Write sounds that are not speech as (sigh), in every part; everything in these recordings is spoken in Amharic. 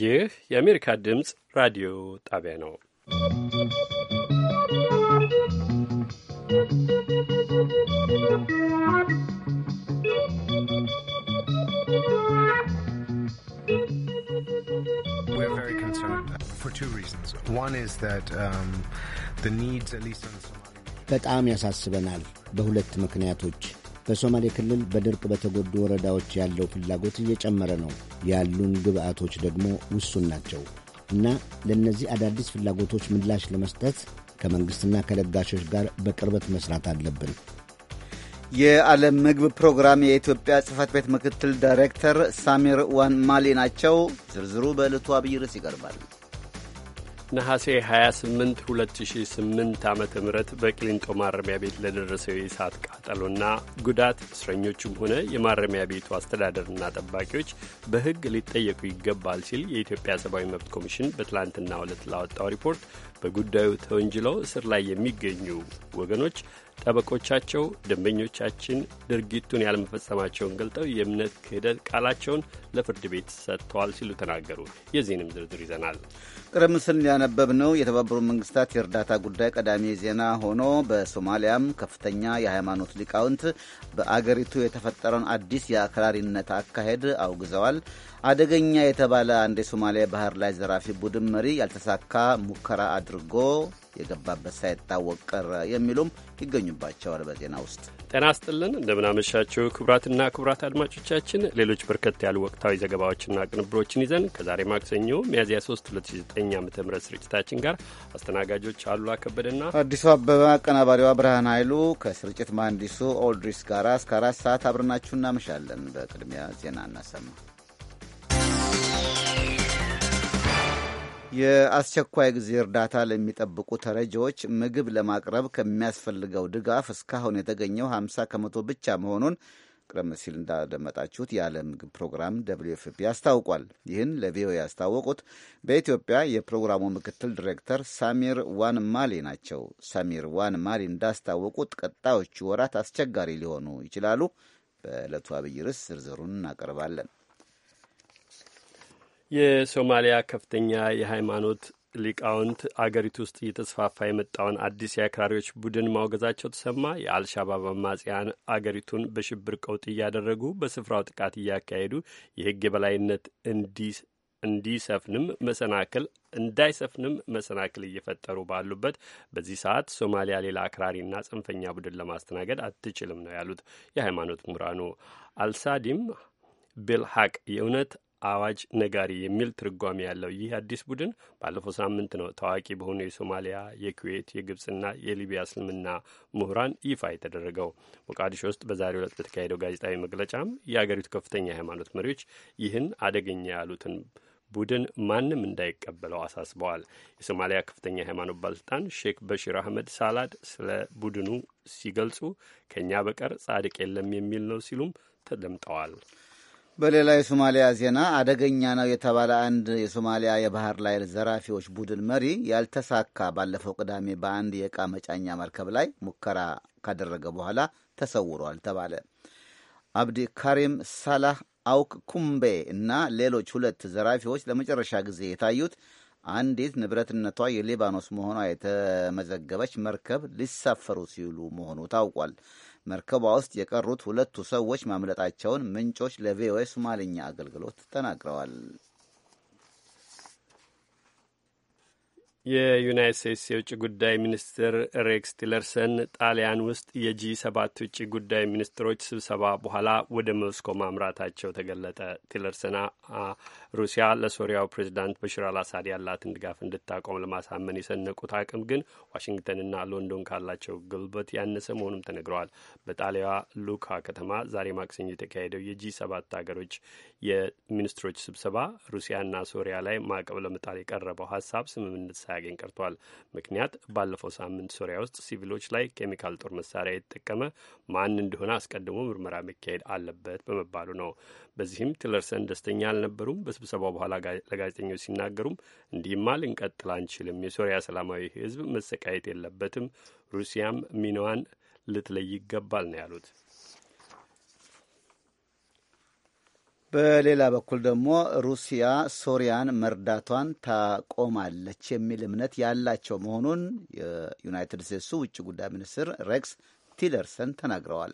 ይህ የአሜሪካ ድምፅ ራዲዮ ጣቢያ ነው። um, በጣም ያሳስበናል በሁለት ምክንያቶች በሶማሌ ክልል በድርቅ በተጎዱ ወረዳዎች ያለው ፍላጎት እየጨመረ ነው። ያሉን ግብአቶች ደግሞ ውሱን ናቸው እና ለእነዚህ አዳዲስ ፍላጎቶች ምላሽ ለመስጠት ከመንግሥትና ከለጋሾች ጋር በቅርበት መስራት አለብን። የዓለም ምግብ ፕሮግራም የኢትዮጵያ ጽህፈት ቤት ምክትል ዳይሬክተር ሳሚር ዋን ማሊ ናቸው። ዝርዝሩ በዕለቱ አብይ ርዕስ ይቀርባል። ነሐሴ 28 2008 ዓ ም በቅሊንጦ ማረሚያ ቤት ለደረሰው የእሳት ቃጠሎና ጉዳት እስረኞቹም ሆነ የማረሚያ ቤቱ አስተዳደርና ጠባቂዎች በሕግ ሊጠየቁ ይገባል ሲል የኢትዮጵያ ሰብአዊ መብት ኮሚሽን በትላንትና ዕለት ላወጣው ሪፖርት በጉዳዩ ተወንጅለው እስር ላይ የሚገኙ ወገኖች ጠበቆቻቸው ደንበኞቻችን ድርጊቱን ያለመፈጸማቸውን ገልጠው የእምነት ክህደት ቃላቸውን ለፍርድ ቤት ሰጥተዋል ሲሉ ተናገሩ። የዚህንም ዝርዝር ይዘናል። ቀደም ያነበብ ያነበብነው የተባበሩት መንግስታት የእርዳታ ጉዳይ ቀዳሚ ዜና ሆኖ በሶማሊያም ከፍተኛ የሃይማኖት ሊቃውንት በአገሪቱ የተፈጠረውን አዲስ የአክራሪነት አካሄድ አውግዘዋል። አደገኛ የተባለ አንድ የሶማሊያ ባህር ላይ ዘራፊ ቡድን መሪ ያልተሳካ ሙከራ አድርጎ የገባበት ሳይታወቅ ቀረ የሚሉም ይገኙባቸዋል በዜና ውስጥ ጤና ስጥልን እንደምናመሻቸው ክቡራትና ክቡራት አድማጮቻችን ሌሎች በርከት ያሉ ወቅታዊ ዘገባዎችና ቅንብሮችን ይዘን ከዛሬ ማክሰኞ ሚያዝያ 3 2009 ዓ ም ስርጭታችን ጋር አስተናጋጆች አሉ ከበደና አዲሱ አበበ አቀናባሪዋ ብርሃን ኃይሉ ከስርጭት መሐንዲሱ ኦልድሪስ ጋር እስከ አራት ሰዓት አብረናችሁ እናመሻለን። በቅድሚያ ዜና እናሰማ። የአስቸኳይ ጊዜ እርዳታ ለሚጠብቁ ተረጂዎች ምግብ ለማቅረብ ከሚያስፈልገው ድጋፍ እስካሁን የተገኘው 50 ከመቶ ብቻ መሆኑን ቀደም ሲል እንዳደመጣችሁት የዓለም ምግብ ፕሮግራም ደብሊው ኤፍ ፒ አስታውቋል። ይህን ለቪኦኤ ያስታወቁት በኢትዮጵያ የፕሮግራሙ ምክትል ዲሬክተር ሳሚር ዋን ማሊ ናቸው። ሳሚር ዋን ማሊ እንዳስታወቁት ቀጣዮቹ ወራት አስቸጋሪ ሊሆኑ ይችላሉ። በዕለቱ አብይ ርዕስ ዝርዝሩን እናቀርባለን። የሶማሊያ ከፍተኛ የሃይማኖት ሊቃውንት አገሪቱ ውስጥ እየተስፋፋ የመጣውን አዲስ የአክራሪዎች ቡድን ማውገዛቸው ተሰማ። የአልሻባብ አማጽያን አገሪቱን በሽብር ቀውጥ እያደረጉ በስፍራው ጥቃት እያካሄዱ የህግ የበላይነት እንዲሰፍንም መሰናክል እንዳይሰፍንም መሰናክል እየፈጠሩ ባሉበት በዚህ ሰዓት ሶማሊያ ሌላ አክራሪና ጽንፈኛ ቡድን ለማስተናገድ አትችልም ነው ያሉት የሃይማኖት ምሁራኑ አልሳዲም ቤልሀቅ የእውነት አዋጅ ነጋሪ የሚል ትርጓሜ ያለው ይህ አዲስ ቡድን ባለፈው ሳምንት ነው ታዋቂ በሆኑ የሶማሊያ፣ የኩዌት፣ የግብጽና የሊቢያ እስልምና ምሁራን ይፋ የተደረገው። ሞቃዲሾ ውስጥ በዛሬው ዕለት በተካሄደው ጋዜጣዊ መግለጫም የአገሪቱ ከፍተኛ የሃይማኖት መሪዎች ይህን አደገኛ ያሉትን ቡድን ማንም እንዳይቀበለው አሳስበዋል። የሶማሊያ ከፍተኛ ሃይማኖት ባለስልጣን ሼክ በሺር አህመድ ሳላድ ስለ ቡድኑ ሲገልጹ ከእኛ በቀር ጻድቅ የለም የሚል ነው ሲሉም ተደምጠዋል። በሌላ የሶማሊያ ዜና አደገኛ ነው የተባለ አንድ የሶማሊያ የባህር ላይል ዘራፊዎች ቡድን መሪ ያልተሳካ ባለፈው ቅዳሜ በአንድ የእቃ መጫኛ መርከብ ላይ ሙከራ ካደረገ በኋላ ተሰውሯል ተባለ። አብዲ ካሪም ሳላህ አውክ ኩምቤ እና ሌሎች ሁለት ዘራፊዎች ለመጨረሻ ጊዜ የታዩት አንዲት ንብረትነቷ የሊባኖስ መሆኗ የተመዘገበች መርከብ ሊሳፈሩ ሲሉ መሆኑ ታውቋል። መርከቧ ውስጥ የቀሩት ሁለቱ ሰዎች ማምለጣቸውን ምንጮች ለቪኦኤ ሶማልኛ አገልግሎት ተናግረዋል። የዩናይት ስቴትስ የውጭ ጉዳይ ሚኒስትር ሬክስ ቲለርሰን ጣሊያን ውስጥ የጂ ሰባት ውጭ ጉዳይ ሚኒስትሮች ስብሰባ በኋላ ወደ ሞስኮ ማምራታቸው ተገለጠ። ቲለርሰን ሩሲያ ለሶሪያው ፕሬዚዳንት በሽር አልአሳድ ያላትን ድጋፍ እንድታቆም ለማሳመን የሰነቁት አቅም ግን ዋሽንግተንና ሎንዶን ካላቸው ጉልበት ያነሰ መሆኑም ተነግረዋል። በጣሊያ ሉካ ከተማ ዛሬ ማክሰኞ የተካሄደው የጂ ሰባት ሀገሮች የሚኒስትሮች ስብሰባ ሩሲያና ሶሪያ ላይ ማዕቀብ ለመጣል የቀረበው ሀሳብ ስምምነት ሳያገኝ ቀርቷል። ምክንያት ባለፈው ሳምንት ሶሪያ ውስጥ ሲቪሎች ላይ ኬሚካል ጦር መሳሪያ የተጠቀመ ማን እንደሆነ አስቀድሞ ምርመራ መካሄድ አለበት በመባሉ ነው። በዚህም ቲለርሰን ደስተኛ አልነበሩም። በስብሰባው በኋላ ለጋዜጠኞች ሲናገሩም እንዲህማ ልንቀጥል አንችልም፣ የሶሪያ ሰላማዊ ህዝብ መሰቃየት የለበትም፣ ሩሲያም ሚናዋን ልትለይ ይገባል ነው ያሉት። በሌላ በኩል ደግሞ ሩሲያ ሶሪያን መርዳቷን ታቆማለች የሚል እምነት ያላቸው መሆኑን የዩናይትድ ስቴትሱ ውጭ ጉዳይ ሚኒስትር ሬክስ ቲለርሰን ተናግረዋል።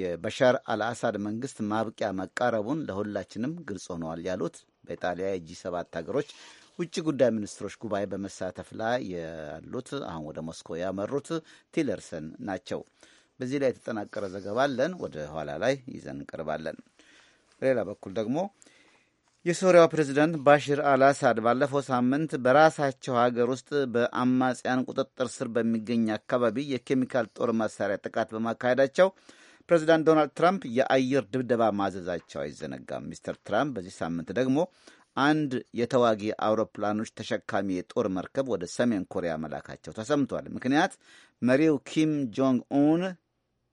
የበሻር አልአሳድ መንግስት ማብቂያ መቃረቡን ለሁላችንም ግልጽ ሆነዋል ያሉት በኢጣሊያ የጂ ሰባት ሀገሮች ውጭ ጉዳይ ሚኒስትሮች ጉባኤ በመሳተፍ ላይ ያሉት አሁን ወደ ሞስኮ ያመሩት ቲለርሰን ናቸው። በዚህ ላይ የተጠናቀረ ዘገባ አለን። ወደ ኋላ ላይ ይዘን እንቀርባለን። በሌላ በኩል ደግሞ የሶሪያው ፕሬዚደንት ባሽር አልአሳድ ባለፈው ሳምንት በራሳቸው ሀገር ውስጥ በአማጽያን ቁጥጥር ስር በሚገኝ አካባቢ የኬሚካል ጦር መሳሪያ ጥቃት በማካሄዳቸው ፕሬዚዳንት ዶናልድ ትራምፕ የአየር ድብደባ ማዘዛቸው አይዘነጋም። ሚስተር ትራምፕ በዚህ ሳምንት ደግሞ አንድ የተዋጊ አውሮፕላኖች ተሸካሚ የጦር መርከብ ወደ ሰሜን ኮሪያ መላካቸው ተሰምቷል። ምክንያት መሪው ኪም ጆንግ ኡን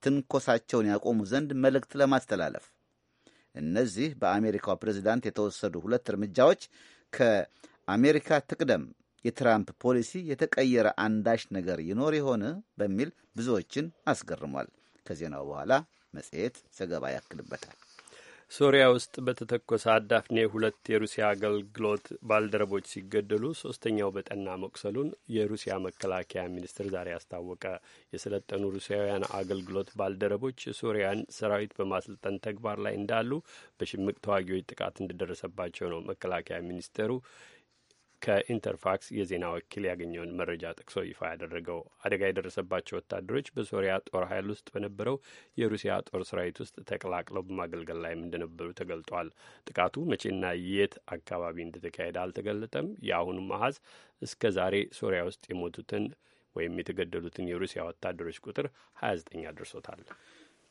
ትንኮሳቸውን ያቆሙ ዘንድ መልእክት ለማስተላለፍ እነዚህ በአሜሪካው ፕሬዚዳንት የተወሰዱ ሁለት እርምጃዎች ከአሜሪካ ትቅደም የትራምፕ ፖሊሲ የተቀየረ አንዳች ነገር ይኖር ይሆን በሚል ብዙዎችን አስገርሟል። ከዜናው በኋላ መጽሔት ዘገባ ያክልበታል። ሶሪያ ውስጥ በተተኮሰ አዳፍኔ ሁለት የሩሲያ አገልግሎት ባልደረቦች ሲገደሉ ሶስተኛው በጠና መቁሰሉን የሩሲያ መከላከያ ሚኒስትር ዛሬ አስታወቀ። የሰለጠኑ ሩሲያውያን አገልግሎት ባልደረቦች የሶሪያን ሰራዊት በማሰልጠን ተግባር ላይ እንዳሉ በሽምቅ ተዋጊዎች ጥቃት እንደደረሰባቸው ነው መከላከያ ሚኒስቴሩ ከኢንተርፋክስ የዜና ወኪል ያገኘውን መረጃ ጠቅሶ ይፋ ያደረገው አደጋ የደረሰባቸው ወታደሮች በሶሪያ ጦር ኃይል ውስጥ በነበረው የሩሲያ ጦር ሰራዊት ውስጥ ተቀላቅለው በማገልገል ላይም እንደነበሩ ተገልጧል። ጥቃቱ መቼና የት አካባቢ እንደተካሄደ አልተገለጠም። የአሁኑ መሀዝ እስከ ዛሬ ሶሪያ ውስጥ የሞቱትን ወይም የተገደሉትን የሩሲያ ወታደሮች ቁጥር 29 አድርሶታል።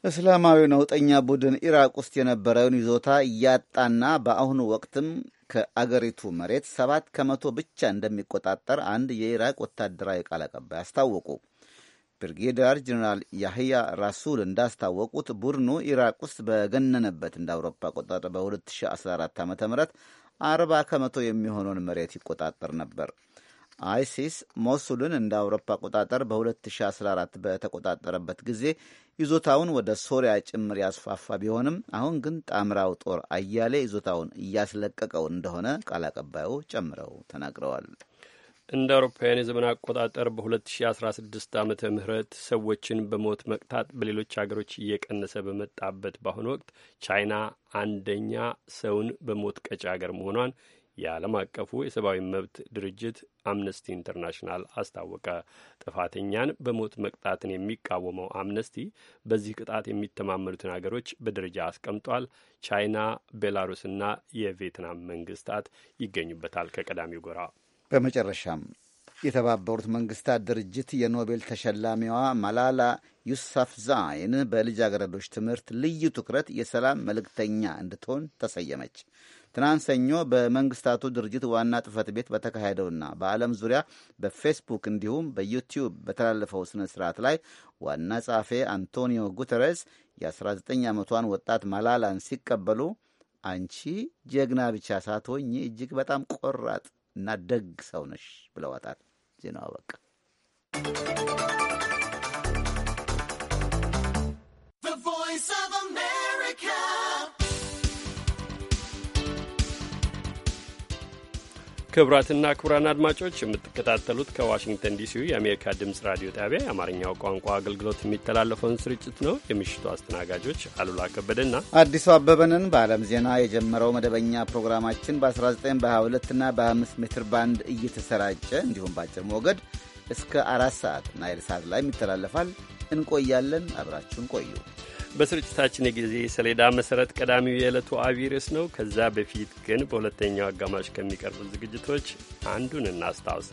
እስላማዊ ነውጠኛ ቡድን ኢራቅ ውስጥ የነበረውን ይዞታ እያጣና በአሁኑ ወቅትም ከአገሪቱ መሬት ሰባት ከመቶ ብቻ እንደሚቆጣጠር አንድ የኢራቅ ወታደራዊ ቃል አቀባይ አስታወቁ። ብርጌዳር ጀኔራል ያህያ ራሱል እንዳስታወቁት ቡድኑ ኢራቅ ውስጥ በገነነበት እንደ አውሮፓ አቆጣጠር በ2014 ዓ ም 40 ከመቶ የሚሆነውን መሬት ይቆጣጠር ነበር። አይሲስ ሞሱልን እንደ አውሮፓ አቆጣጠር በ2014 በተቆጣጠረበት ጊዜ ይዞታውን ወደ ሶሪያ ጭምር ያስፋፋ ቢሆንም አሁን ግን ጣምራው ጦር አያሌ ይዞታውን እያስለቀቀው እንደሆነ ቃል አቀባዩ ጨምረው ተናግረዋል። እንደ አውሮፓውያን የዘመን አቆጣጠር በ2016 ዓ ምህረት ሰዎችን በሞት መቅጣት በሌሎች አገሮች እየቀነሰ በመጣበት በአሁኑ ወቅት ቻይና አንደኛ ሰውን በሞት ቀጭ አገር መሆኗን የዓለም አቀፉ የሰብአዊ መብት ድርጅት አምነስቲ ኢንተርናሽናል አስታወቀ። ጥፋተኛን በሞት መቅጣትን የሚቃወመው አምነስቲ በዚህ ቅጣት የሚተማመኑትን አገሮች በደረጃ አስቀምጧል። ቻይና፣ ቤላሩስና የቪየትናም መንግስታት ይገኙበታል ከቀዳሚው ጎራ። በመጨረሻም የተባበሩት መንግስታት ድርጅት የኖቤል ተሸላሚዋ ማላላ ዛይን በልጃገረዶች ትምህርት ልዩ ትኩረት የሰላም መልእክተኛ እንድትሆን ተሰየመች። ትናንት ሰኞ በመንግስታቱ ድርጅት ዋና ጽህፈት ቤት በተካሄደውና በዓለም ዙሪያ በፌስቡክ እንዲሁም በዩቲዩብ በተላለፈው ስነ ስርዓት ላይ ዋና ጸሐፌ አንቶኒዮ ጉተረስ የ19 ዓመቷን ወጣት ማላላን ሲቀበሉ አንቺ ጀግና ብቻ ሳትሆኝ እጅግ በጣም ቆራጥ እና ደግ ሰው ነሽ ብለዋታል። ዜናው አበቃ። ክቡራትና ክቡራን አድማጮች የምትከታተሉት ከዋሽንግተን ዲሲ የአሜሪካ ድምፅ ራዲዮ ጣቢያ የአማርኛው ቋንቋ አገልግሎት የሚተላለፈውን ስርጭት ነው። የምሽቱ አስተናጋጆች አሉላ ከበደና አዲሱ አበበንን በዓለም ዜና የጀመረው መደበኛ ፕሮግራማችን በ19 በ22ና በ25 ሜትር ባንድ እየተሰራጨ እንዲሁም በአጭር ሞገድ እስከ አራት ሰዓት ናይል ሰዓት ላይ ይተላለፋል። እንቆያለን። አብራችሁን ቆዩ። በስርጭታችን የጊዜ ሰሌዳ መሰረት ቀዳሚው የዕለቱ አቢይ ርዕስ ነው። ከዛ በፊት ግን በሁለተኛው አጋማሽ ከሚቀርቡ ዝግጅቶች አንዱን እናስታውስ።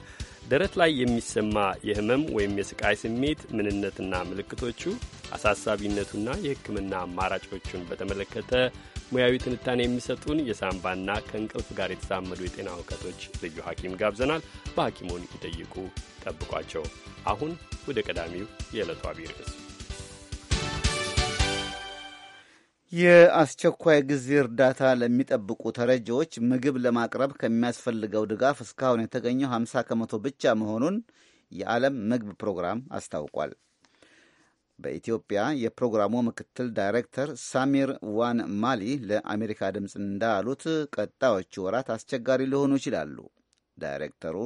ደረት ላይ የሚሰማ የህመም ወይም የስቃይ ስሜት ምንነትና ምልክቶቹ፣ አሳሳቢነቱና የሕክምና አማራጮቹን በተመለከተ ሙያዊ ትንታኔ የሚሰጡን የሳምባና ከእንቅልፍ ጋር የተዛመዱ የጤና እውቀቶች ልዩ ሐኪም ጋብዘናል። በሐኪሙን ይጠይቁ ጠብቋቸው። አሁን ወደ ቀዳሚው የዕለቱ አቢይ ርዕስ የአስቸኳይ ጊዜ እርዳታ ለሚጠብቁ ተረጂዎች ምግብ ለማቅረብ ከሚያስፈልገው ድጋፍ እስካሁን የተገኘው 50 ከመቶ ብቻ መሆኑን የዓለም ምግብ ፕሮግራም አስታውቋል። በኢትዮጵያ የፕሮግራሙ ምክትል ዳይሬክተር ሳሚር ዋን ማሊ ለአሜሪካ ድምፅ እንዳሉት ቀጣዮቹ ወራት አስቸጋሪ ሊሆኑ ይችላሉ። ዳይሬክተሩ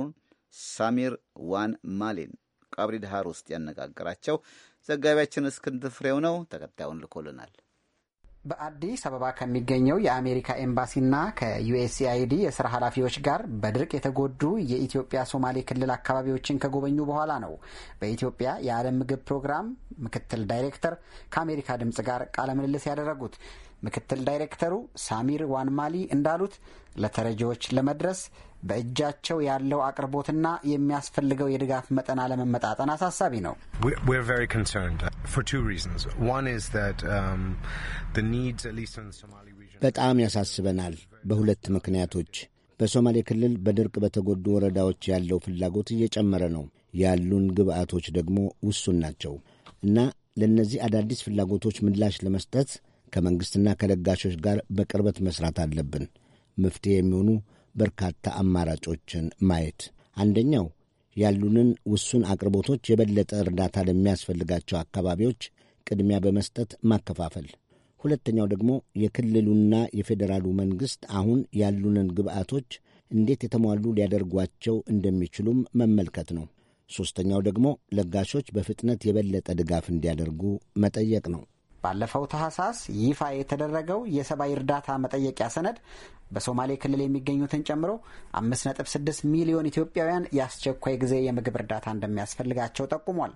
ሳሚር ዋን ማሊን ቀብሪ ድሃር ውስጥ ያነጋገራቸው ዘጋቢያችን እስክንድር ፍሬው ነው። ተከታዩን ልኮልናል። በአዲስ አበባ ከሚገኘው የአሜሪካ ኤምባሲና ከዩኤስኤአይዲ የስራ ኃላፊዎች ጋር በድርቅ የተጎዱ የኢትዮጵያ ሶማሌ ክልል አካባቢዎችን ከጎበኙ በኋላ ነው በኢትዮጵያ የዓለም ምግብ ፕሮግራም ምክትል ዳይሬክተር ከአሜሪካ ድምፅ ጋር ቃለ ምልልስ ያደረጉት። ምክትል ዳይሬክተሩ ሳሚር ዋንማሊ እንዳሉት ለተረጂዎች ለመድረስ በእጃቸው ያለው አቅርቦትና የሚያስፈልገው የድጋፍ መጠን አለመመጣጠን አሳሳቢ ነው። um, በጣም ያሳስበናል በሁለት ምክንያቶች። በሶማሌ ክልል በድርቅ በተጎዱ ወረዳዎች ያለው ፍላጎት እየጨመረ ነው። ያሉን ግብአቶች ደግሞ ውሱን ናቸው እና ለእነዚህ አዳዲስ ፍላጎቶች ምላሽ ለመስጠት ከመንግሥትና ከለጋሾች ጋር በቅርበት መስራት አለብን። መፍትሄ የሚሆኑ በርካታ አማራጮችን ማየት፣ አንደኛው ያሉንን ውሱን አቅርቦቶች የበለጠ እርዳታ ለሚያስፈልጋቸው አካባቢዎች ቅድሚያ በመስጠት ማከፋፈል፣ ሁለተኛው ደግሞ የክልሉና የፌዴራሉ መንግሥት አሁን ያሉንን ግብአቶች እንዴት የተሟሉ ሊያደርጓቸው እንደሚችሉም መመልከት ነው። ሦስተኛው ደግሞ ለጋሾች በፍጥነት የበለጠ ድጋፍ እንዲያደርጉ መጠየቅ ነው። ባለፈው ታህሳስ ይፋ የተደረገው የሰብአዊ እርዳታ መጠየቂያ ሰነድ በሶማሌ ክልል የሚገኙትን ጨምሮ 5.6 ሚሊዮን ኢትዮጵያውያን የአስቸኳይ ጊዜ የምግብ እርዳታ እንደሚያስፈልጋቸው ጠቁሟል።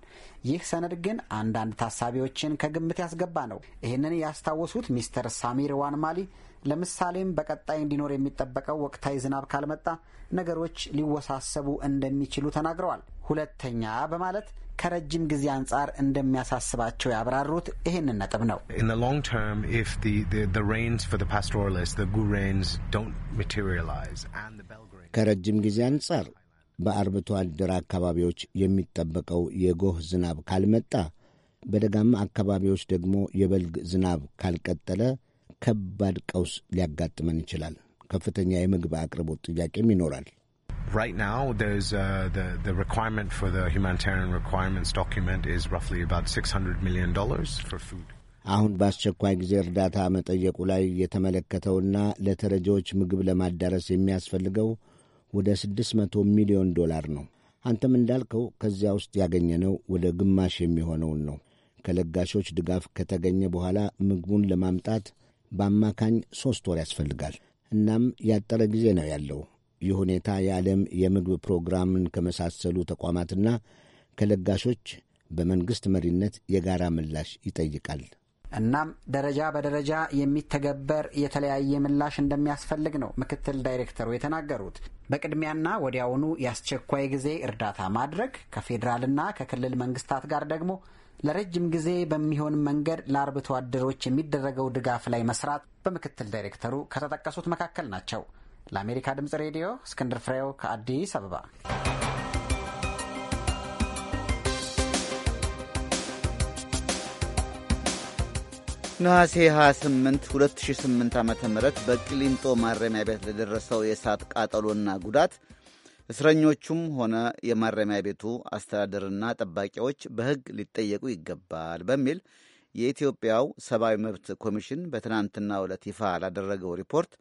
ይህ ሰነድ ግን አንዳንድ ታሳቢዎችን ከግምት ያስገባ ነው። ይህንን ያስታወሱት ሚስተር ሳሚር ዋን ማሊ ለምሳሌም በቀጣይ እንዲኖር የሚጠበቀው ወቅታዊ ዝናብ ካልመጣ ነገሮች ሊወሳሰቡ እንደሚችሉ ተናግረዋል። ሁለተኛ በማለት ከረጅም ጊዜ አንጻር እንደሚያሳስባቸው ያብራሩት ይህንን ነጥብ ነው። ከረጅም ጊዜ አንጻር በአርብቶ አደር አካባቢዎች የሚጠበቀው የጎህ ዝናብ ካልመጣ፣ በደጋማ አካባቢዎች ደግሞ የበልግ ዝናብ ካልቀጠለ ከባድ ቀውስ ሊያጋጥመን ይችላል። ከፍተኛ የምግብ አቅርቦት ጥያቄም ይኖራል። right now there's uh, the the requirement for the humanitarian requirements document is roughly about million dollars for food አሁን በአስቸኳይ ጊዜ እርዳታ መጠየቁ ላይ የተመለከተውና ለተረጂዎች ምግብ ለማዳረስ የሚያስፈልገው ወደ 600 ሚሊዮን ዶላር ነው። አንተም እንዳልከው ከዚያ ውስጥ ያገኘነው ወደ ግማሽ የሚሆነውን ነው። ከለጋሾች ድጋፍ ከተገኘ በኋላ ምግቡን ለማምጣት በአማካኝ ሦስት ወር ያስፈልጋል። እናም ያጠረ ጊዜ ነው ያለው። ይህ ሁኔታ የዓለም የምግብ ፕሮግራምን ከመሳሰሉ ተቋማትና ከለጋሾች በመንግሥት መሪነት የጋራ ምላሽ ይጠይቃል። እናም ደረጃ በደረጃ የሚተገበር የተለያየ ምላሽ እንደሚያስፈልግ ነው ምክትል ዳይሬክተሩ የተናገሩት። በቅድሚያና ወዲያውኑ የአስቸኳይ ጊዜ እርዳታ ማድረግ ከፌዴራልና ከክልል መንግስታት ጋር ደግሞ ለረጅም ጊዜ በሚሆን መንገድ ለአርብቶ አደሮች የሚደረገው ድጋፍ ላይ መስራት በምክትል ዳይሬክተሩ ከተጠቀሱት መካከል ናቸው። ለአሜሪካ ድምጽ ሬዲዮ እስክንድር ፍሬው ከአዲስ አበባ። ነሐሴ 28 2008 ዓ ም በቅሊንጦ ማረሚያ ቤት ለደረሰው የእሳት ቃጠሎና ጉዳት እስረኞቹም ሆነ የማረሚያ ቤቱ አስተዳደርና ጠባቂዎች በሕግ ሊጠየቁ ይገባል በሚል የኢትዮጵያው ሰብአዊ መብት ኮሚሽን በትናንትና ዕለት ይፋ ላደረገው ሪፖርት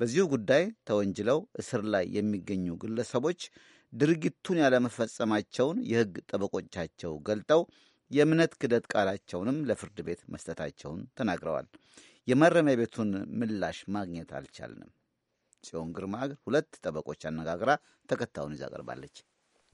በዚሁ ጉዳይ ተወንጅለው እስር ላይ የሚገኙ ግለሰቦች ድርጊቱን ያለመፈጸማቸውን የሕግ ጠበቆቻቸው ገልጠው የእምነት ክደት ቃላቸውንም ለፍርድ ቤት መስጠታቸውን ተናግረዋል። የማረሚያ ቤቱን ምላሽ ማግኘት አልቻልንም። ጽዮን ግርማ ሁለት ጠበቆች አነጋግራ ተከታዩን ይዛ ቀርባለች።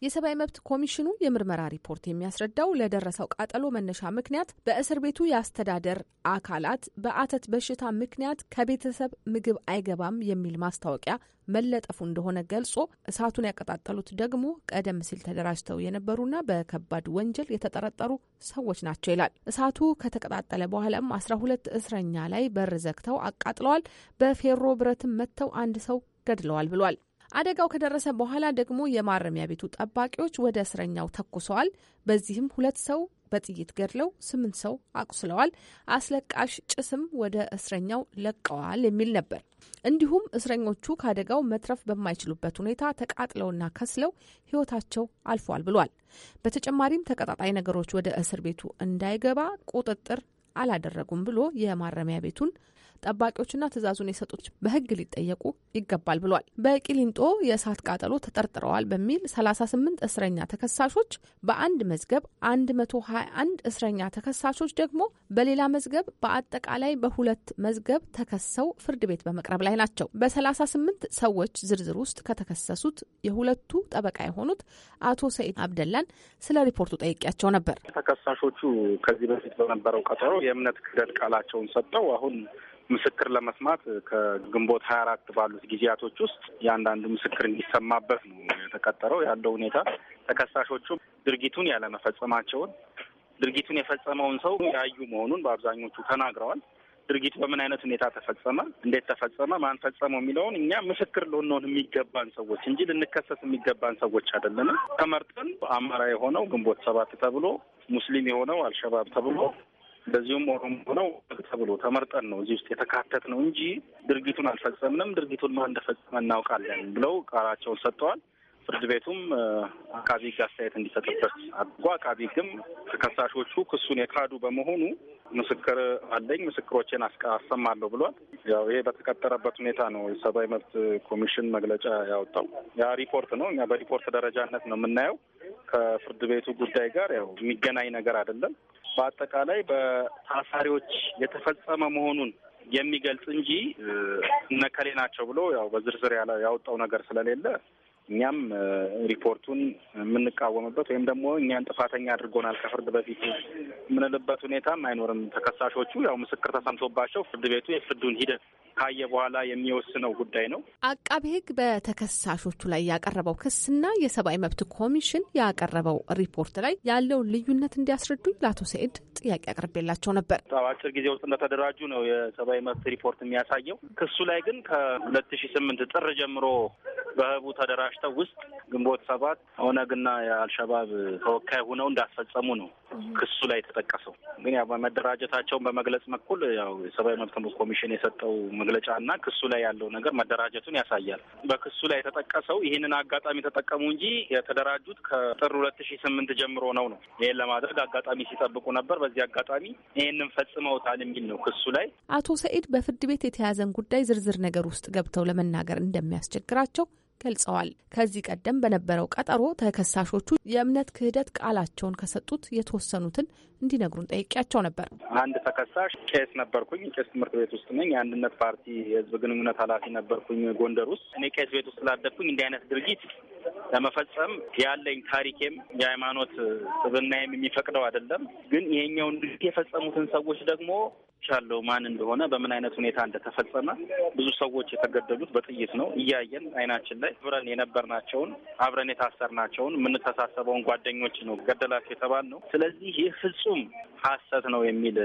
የሰብአዊ መብት ኮሚሽኑ የምርመራ ሪፖርት የሚያስረዳው ለደረሰው ቃጠሎ መነሻ ምክንያት በእስር ቤቱ የአስተዳደር አካላት በአተት በሽታ ምክንያት ከቤተሰብ ምግብ አይገባም የሚል ማስታወቂያ መለጠፉ እንደሆነ ገልጾ እሳቱን ያቀጣጠሉት ደግሞ ቀደም ሲል ተደራጅተው የነበሩና በከባድ ወንጀል የተጠረጠሩ ሰዎች ናቸው ይላል። እሳቱ ከተቀጣጠለ በኋላም አስራ ሁለት እስረኛ ላይ በር ዘግተው አቃጥለዋል። በፌሮ ብረትም መጥተው አንድ ሰው ገድለዋል ብሏል። አደጋው ከደረሰ በኋላ ደግሞ የማረሚያ ቤቱ ጠባቂዎች ወደ እስረኛው ተኩሰዋል። በዚህም ሁለት ሰው በጥይት ገድለው ስምንት ሰው አቁስለዋል። አስለቃሽ ጭስም ወደ እስረኛው ለቀዋል የሚል ነበር። እንዲሁም እስረኞቹ ከአደጋው መትረፍ በማይችሉበት ሁኔታ ተቃጥለውና ከስለው ሕይወታቸው አልፏል ብሏል። በተጨማሪም ተቀጣጣይ ነገሮች ወደ እስር ቤቱ እንዳይገባ ቁጥጥር አላደረጉም ብሎ የማረሚያ ቤቱን ጠባቂዎችና ትዕዛዙን የሰጡት በህግ ሊጠየቁ ይገባል ብሏል። በቂሊንጦ የእሳት ቃጠሎ ተጠርጥረዋል በሚል 38 እስረኛ ተከሳሾች በአንድ መዝገብ፣ 121 እስረኛ ተከሳሾች ደግሞ በሌላ መዝገብ በአጠቃላይ በሁለት መዝገብ ተከሰው ፍርድ ቤት በመቅረብ ላይ ናቸው። በ38 ሰዎች ዝርዝር ውስጥ ከተከሰሱት የሁለቱ ጠበቃ የሆኑት አቶ ሰኢድ አብደላን ስለ ሪፖርቱ ጠይቄያቸው ነበር። ተከሳሾቹ ከዚህ በፊት በነበረው ቀጠሮ የእምነት ክህደት ቃላቸውን ሰጠው አሁን ምስክር ለመስማት ከግንቦት ሀያ አራት ባሉት ጊዜያቶች ውስጥ የአንዳንዱ ምስክር እንዲሰማበት ነው የተቀጠረው። ያለው ሁኔታ ተከሳሾቹ ድርጊቱን ያለመፈጸማቸውን ድርጊቱን የፈጸመውን ሰው ያዩ መሆኑን በአብዛኞቹ ተናግረዋል። ድርጊቱ በምን አይነት ሁኔታ ተፈጸመ፣ እንዴት ተፈጸመ፣ ማን ፈጸመው የሚለውን እኛ ምስክር ልንሆን የሚገባን ሰዎች እንጂ ልንከሰስ የሚገባን ሰዎች አይደለንም። ተመርጠን አማራ የሆነው ግንቦት ሰባት ተብሎ ሙስሊም የሆነው አልሸባብ ተብሎ እንደዚሁም ኦሮሞ ነው ተብሎ ተመርጠን ነው እዚህ ውስጥ የተካተት ነው እንጂ ድርጊቱን አልፈጸምንም፣ ድርጊቱን ማን እንደፈጸመ እናውቃለን ብለው ቃላቸውን ሰጥተዋል። ፍርድ ቤቱም አቃቢ ሕግ አስተያየት እንዲሰጥበት አድርጎ አቃቢ ሕግም ተከሳሾቹ ክሱን የካዱ በመሆኑ ምስክር አለኝ ምስክሮቼን አሰማለሁ ብሏል። ያው ይሄ በተቀጠረበት ሁኔታ ነው የሰብአዊ መብት ኮሚሽን መግለጫ ያወጣው። ያ ሪፖርት ነው። እኛ በሪፖርት ደረጃነት ነው የምናየው። ከፍርድ ቤቱ ጉዳይ ጋር ያው የሚገናኝ ነገር አይደለም። በአጠቃላይ በታሳሪዎች የተፈጸመ መሆኑን የሚገልጽ እንጂ እነከሌ ናቸው ብሎ ያው በዝርዝር ያወጣው ነገር ስለሌለ እኛም ሪፖርቱን የምንቃወምበት ወይም ደግሞ እኛን ጥፋተኛ አድርጎናል ከፍርድ በፊት የምንልበት ሁኔታም አይኖርም። ተከሳሾቹ ያው ምስክር ተሰምቶባቸው ፍርድ ቤቱ የፍርዱን ሂደት ካየ በኋላ የሚወስነው ጉዳይ ነው። አቃቤ ሕግ በተከሳሾቹ ላይ ያቀረበው ክስና የሰብአዊ መብት ኮሚሽን ያቀረበው ሪፖርት ላይ ያለውን ልዩነት እንዲያስረዱኝ ለአቶ ሰኢድ ጥያቄ አቅርቤላቸው ነበር። አጭር ጊዜ ውስጥ እንደተደራጁ ነው የሰብአዊ መብት ሪፖርት የሚያሳየው። ክሱ ላይ ግን ከሁለት ሺ ስምንት ጥር ጀምሮ በህቡ ተደራጅተው ውስጥ ግንቦት ሰባት ኦነግና የአልሸባብ ተወካይ ሆነው እንዳስፈጸሙ ነው ክሱ ላይ የተጠቀሰው። ግን ያው በመደራጀታቸውን በመግለጽ በኩል ያው የሰብአዊ መብት ኮሚሽን የሰጠው መግለጫ እና ክሱ ላይ ያለው ነገር መደራጀቱን ያሳያል። በክሱ ላይ የተጠቀሰው ይህንን አጋጣሚ ተጠቀሙ እንጂ የተደራጁት ከጥር ሁለት ሺ ስምንት ጀምሮ ነው ነው ይህን ለማድረግ አጋጣሚ ሲጠብቁ ነበር። በዚህ አጋጣሚ ይህንን ፈጽመውታል የሚል ነው ክሱ ላይ። አቶ ሰኢድ በፍርድ ቤት የተያዘን ጉዳይ ዝርዝር ነገር ውስጥ ገብተው ለመናገር እንደሚያስቸግራቸው ገልጸዋል። ከዚህ ቀደም በነበረው ቀጠሮ ተከሳሾቹ የእምነት ክህደት ቃላቸውን ከሰጡት የተወሰኑትን እንዲነግሩን ጠይቄያቸው ነበር። አንድ ተከሳሽ ቄስ ነበርኩኝ፣ ቄስ ትምህርት ቤት ውስጥ ነኝ፣ የአንድነት ፓርቲ የህዝብ ግንኙነት ኃላፊ ነበርኩኝ ጎንደር ውስጥ። እኔ ቄስ ቤት ውስጥ ስላደግኩኝ እንዲህ አይነት ድርጊት ለመፈጸም ያለኝ ታሪኬም የሃይማኖት ስብናዬም የሚፈቅደው አይደለም። ግን ይሄኛውን ድርጊት የፈጸሙትን ሰዎች ደግሞ አይቻለሁ ማን እንደሆነ በምን አይነት ሁኔታ እንደተፈጸመ። ብዙ ሰዎች የተገደሉት በጥይት ነው እያየን አይናችን ላይ አብረን የነበርናቸውን አብረን የታሰርናቸውን የምንተሳሰበውን ጓደኞች ነው ገደላቸው የተባል ነው። ስለዚህ ይህ ፍጹም ሀሰት ነው የሚል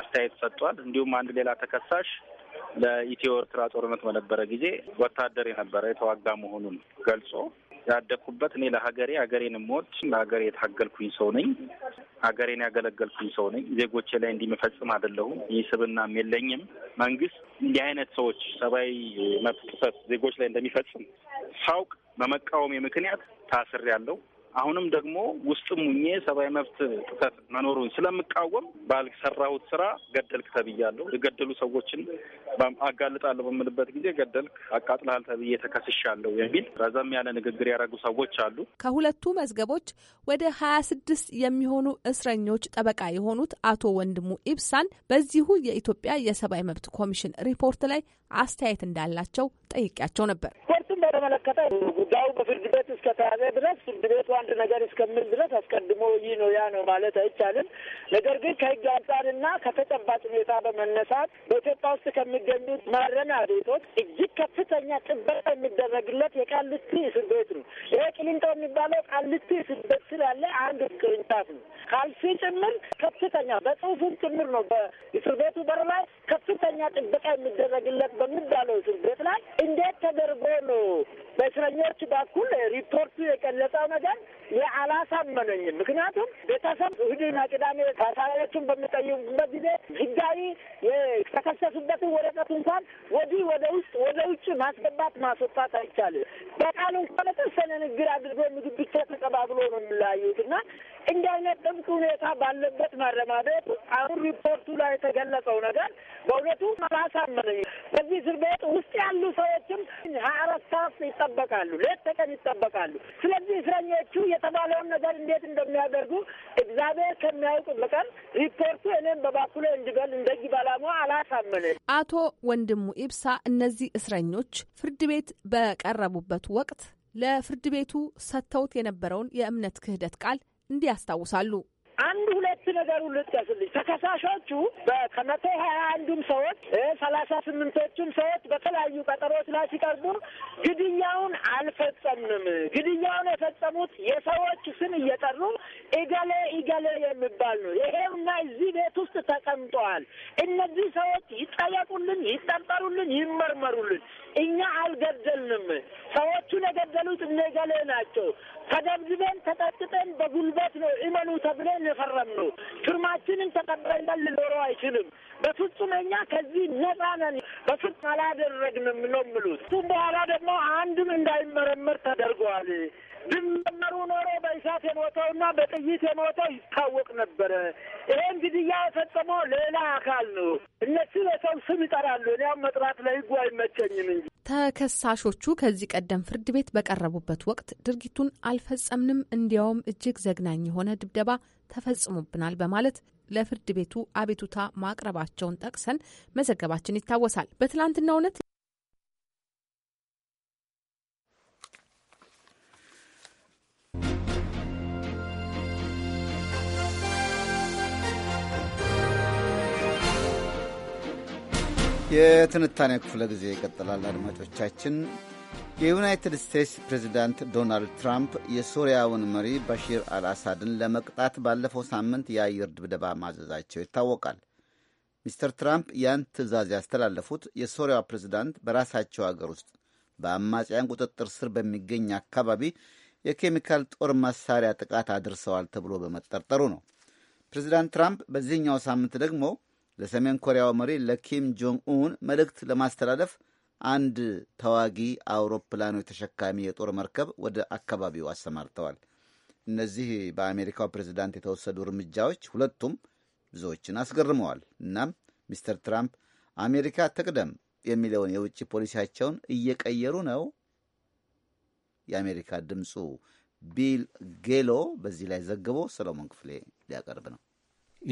አስተያየት ሰጥቷል። እንዲሁም አንድ ሌላ ተከሳሽ ለኢትዮ ኤርትራ ጦርነት በነበረ ጊዜ ወታደር የነበረ የተዋጋ መሆኑን ገልጾ ያደግኩበት እኔ ለሀገሬ ሀገሬን ሞድ ለሀገሬ የታገልኩኝ ሰው ነኝ። ሀገሬን ያገለገልኩኝ ሰው ነኝ። ዜጎቼ ላይ እንዲመፈጽም አይደለሁም። ይህ ስብናም የለኝም። መንግስት እንዲህ አይነት ሰዎች ሰብአዊ መብት ጥሰት ዜጎች ላይ እንደሚፈጽም ሳውቅ በመቃወሜ ምክንያት ታስሬያለሁ። አሁንም ደግሞ ውስጥም ሙኜ ሰብአዊ መብት ጥሰት መኖሩን ስለምቃወም ባልሰራሁት ስራ ገደልክ ተብያለሁ። የገደሉ ሰዎችን አጋልጣለሁ በምልበት ጊዜ ገደልክ፣ አቃጥልሃል ተብዬ ተከስሻለሁ የሚል ረዘም ያለ ንግግር ያደረጉ ሰዎች አሉ። ከሁለቱ መዝገቦች ወደ ሀያ ስድስት የሚሆኑ እስረኞች ጠበቃ የሆኑት አቶ ወንድሙ ኢብሳን በዚሁ የኢትዮጵያ የሰብአዊ መብት ኮሚሽን ሪፖርት ላይ አስተያየት እንዳላቸው ጠይቄያቸው ነበር። ሪፖርቱ እንደተመለከተ እዛው በፍርድ ቤት እስከተያዘ ድረስ ፍርድ ቤቱ አንድ ነገር እስከምል ድረስ አስቀድሞ ይህ ነው ያ ነው ማለት አይቻልም። ነገር ግን ከህግ አንጻርና ከተጨባጭ ሁኔታ በመነሳት በኢትዮጵያ ውስጥ ከሚገኙት ማረሚያ ቤቶች እጅግ ከፍተኛ ጥበቃ የሚደረግለት የቃሊቲ እስር ቤት ነው። ይሄ ቅሊንጦ የሚባለው ቃሊቲ እስር ቤት ስላለ አንድ ቅርንጫፍ ነው። ካልሲ ጭምር ከፍተኛ በጽሁፉም ጭምር ነው። በእስር ቤቱ በር ላይ ከፍተኛ ጥበቃ የሚደረግለት በሚባለው እስር ቤት ላይ እንዴት ተደርጎ ነው በእስረኞች በሰዎች በኩል ሪፖርቱ የገለጸው ነገር የአላሳመነኝም። ምክንያቱም ቤተሰብ እሑድና ቅዳሜ ታሳሪዎቹን በሚጠይቁበት ጊዜ ህጋዊ የተከሰሱበትን ወረቀት እንኳን ወዲህ ወደ ውስጥ ወደ ውጭ ማስገባት ማስወጣት አይቻልም። በቃሉ እንኳን የተወሰነ ንግግር አድርጎ ምግብ ብቻ ተቀባብሎ ነው የሚለያዩት እና እንዲህ አይነት ጥብቅ ሁኔታ ባለበት ማረሚያ ቤት አሁን ሪፖርቱ ላይ የተገለጸው ነገር በእውነቱ አላሳመነኝም። በዚህ እስር ቤት ውስጥ ያሉ ሰዎችም ሀያ አራት ሰዓት ይጠበቃሉ። ሌት ተቀን ይጠበቃሉ። ስለዚህ እስረኞቹ የተባለውን ነገር እንዴት እንደሚያደርጉ እግዚአብሔር ከሚያውቅ በቀር ሪፖርቱ እኔም በባኩሎ እንድበል እንደዚህ ባላሞ አላሳመነ አቶ ወንድሙ ኢብሳ እነዚህ እስረኞች ፍርድ ቤት በቀረቡበት ወቅት ለፍርድ ቤቱ ሰጥተውት የነበረውን የእምነት ክህደት ቃል እንዲህ ያስታውሳሉ። አንድ ሁለት ነገሩን ልጥቀስልሽ። ተከሳሾቹ ከመቶ ሀያ አንዱም ሰዎች ሰላሳ ስምንቶቹም ሰዎች በተለያዩ ቀጠሮች ላይ ሲቀርቡ ግድያውን አልፈጸምም፣ ግድያውን የፈጸሙት የሰዎች ስም እየጠሩ ኢገሌ ኢገሌ የሚባል ነው። ይሄውና እዚህ ቤት ውስጥ ተቀምጠዋል። እነዚህ ሰዎች ይጠየቁልን፣ ይጠጠሩልን፣ ይመርመሩልን። እኛ አልገደልንም። ሰዎቹን የገደሉት እነ ኢገሌ ናቸው። ተደብድበን ተጠጥጠን በጉልበት ነው እመኑ ተብለን የፈረምነው። ፊርማችንን ተቀባይነት ሊኖረው አይችልም። በፍጹም እኛ ከዚህ ነጻ ነን፣ በፍጹም አላደረግንም ነው የሚሉት። እሱም በኋላ ደግሞ አንድም እንዳይመረመር ተደርገዋል። ድመሩ ኖሮ በእሳት የሞተውና በጥይት የሞተው ይታወቅ ነበረ። ይሄን ግድያ የፈጸመው ሌላ አካል ነው። እነሱ የሰው ስም ይጠራሉ። እኔያም መጥራት ለህጉ አይመቸኝም እንጂ ተከሳሾቹ ከዚህ ቀደም ፍርድ ቤት በቀረቡበት ወቅት ድርጊቱን አልፈጸምንም፣ እንዲያውም እጅግ ዘግናኝ የሆነ ድብደባ ተፈጽሞብናል በማለት ለፍርድ ቤቱ አቤቱታ ማቅረባቸውን ጠቅሰን መዘገባችን ይታወሳል። በትላንትናው ዕለት የትንታኔ ክፍለ ጊዜ ይቀጥላል። አድማጮቻችን፣ የዩናይትድ ስቴትስ ፕሬዚዳንት ዶናልድ ትራምፕ የሶሪያውን መሪ ባሺር አልአሳድን ለመቅጣት ባለፈው ሳምንት የአየር ድብደባ ማዘዛቸው ይታወቃል። ሚስተር ትራምፕ ያን ትዕዛዝ ያስተላለፉት የሶሪያ ፕሬዚዳንት በራሳቸው አገር ውስጥ በአማጽያን ቁጥጥር ስር በሚገኝ አካባቢ የኬሚካል ጦር መሳሪያ ጥቃት አድርሰዋል ተብሎ በመጠርጠሩ ነው። ፕሬዚዳንት ትራምፕ በዚህኛው ሳምንት ደግሞ ለሰሜን ኮሪያው መሪ ለኪም ጆንግ ኡን መልእክት ለማስተላለፍ አንድ ተዋጊ አውሮፕላኖች ተሸካሚ የጦር መርከብ ወደ አካባቢው አሰማርተዋል። እነዚህ በአሜሪካው ፕሬዚዳንት የተወሰዱ እርምጃዎች ሁለቱም ብዙዎችን አስገርመዋል። እናም ሚስተር ትራምፕ አሜሪካ ትቅደም የሚለውን የውጭ ፖሊሲያቸውን እየቀየሩ ነው። የአሜሪካ ድምፁ ቢል ጌሎ በዚህ ላይ ዘግቦ ሰሎሞን ክፍሌ ሊያቀርብ ነው።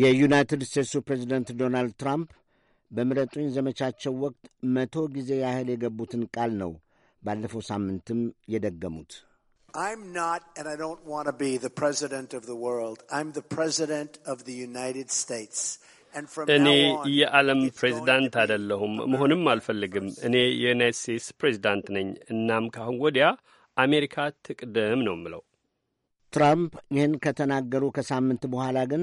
የዩናይትድ ስቴትሱ ፕሬዚደንት ዶናልድ ትራምፕ በምረጡኝ ዘመቻቸው ወቅት መቶ ጊዜ ያህል የገቡትን ቃል ነው ባለፈው ሳምንትም የደገሙት። እኔ የዓለም ፕሬዚዳንት አይደለሁም፣ መሆንም አልፈልግም። እኔ የዩናይት ስቴትስ ፕሬዚዳንት ነኝ። እናም ካሁን ወዲያ አሜሪካ ትቅደም ነው ምለው። ትራምፕ ይህን ከተናገሩ ከሳምንት በኋላ ግን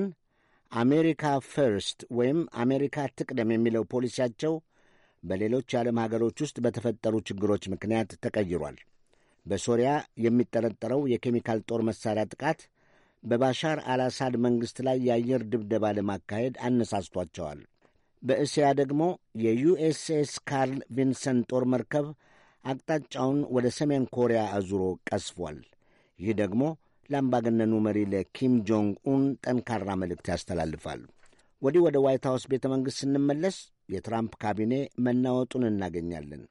አሜሪካ ፈርስት ወይም አሜሪካ ትቅደም የሚለው ፖሊሲያቸው በሌሎች የዓለም ሀገሮች ውስጥ በተፈጠሩ ችግሮች ምክንያት ተቀይሯል። በሶሪያ የሚጠረጠረው የኬሚካል ጦር መሳሪያ ጥቃት በባሻር አልአሳድ መንግሥት ላይ የአየር ድብደባ ለማካሄድ አነሳስቷቸዋል። በእስያ ደግሞ የዩኤስኤስ ካርል ቪንሰን ጦር መርከብ አቅጣጫውን ወደ ሰሜን ኮሪያ አዙሮ ቀስፏል። ይህ ደግሞ ለአምባገነኑ መሪ ለኪም ጆንግ ኡን ጠንካራ መልእክት ያስተላልፋል። ወዲህ ወደ ዋይት ሀውስ ቤተ መንግሥት ስንመለስ የትራምፕ ካቢኔ መናወጡን እናገኛለን።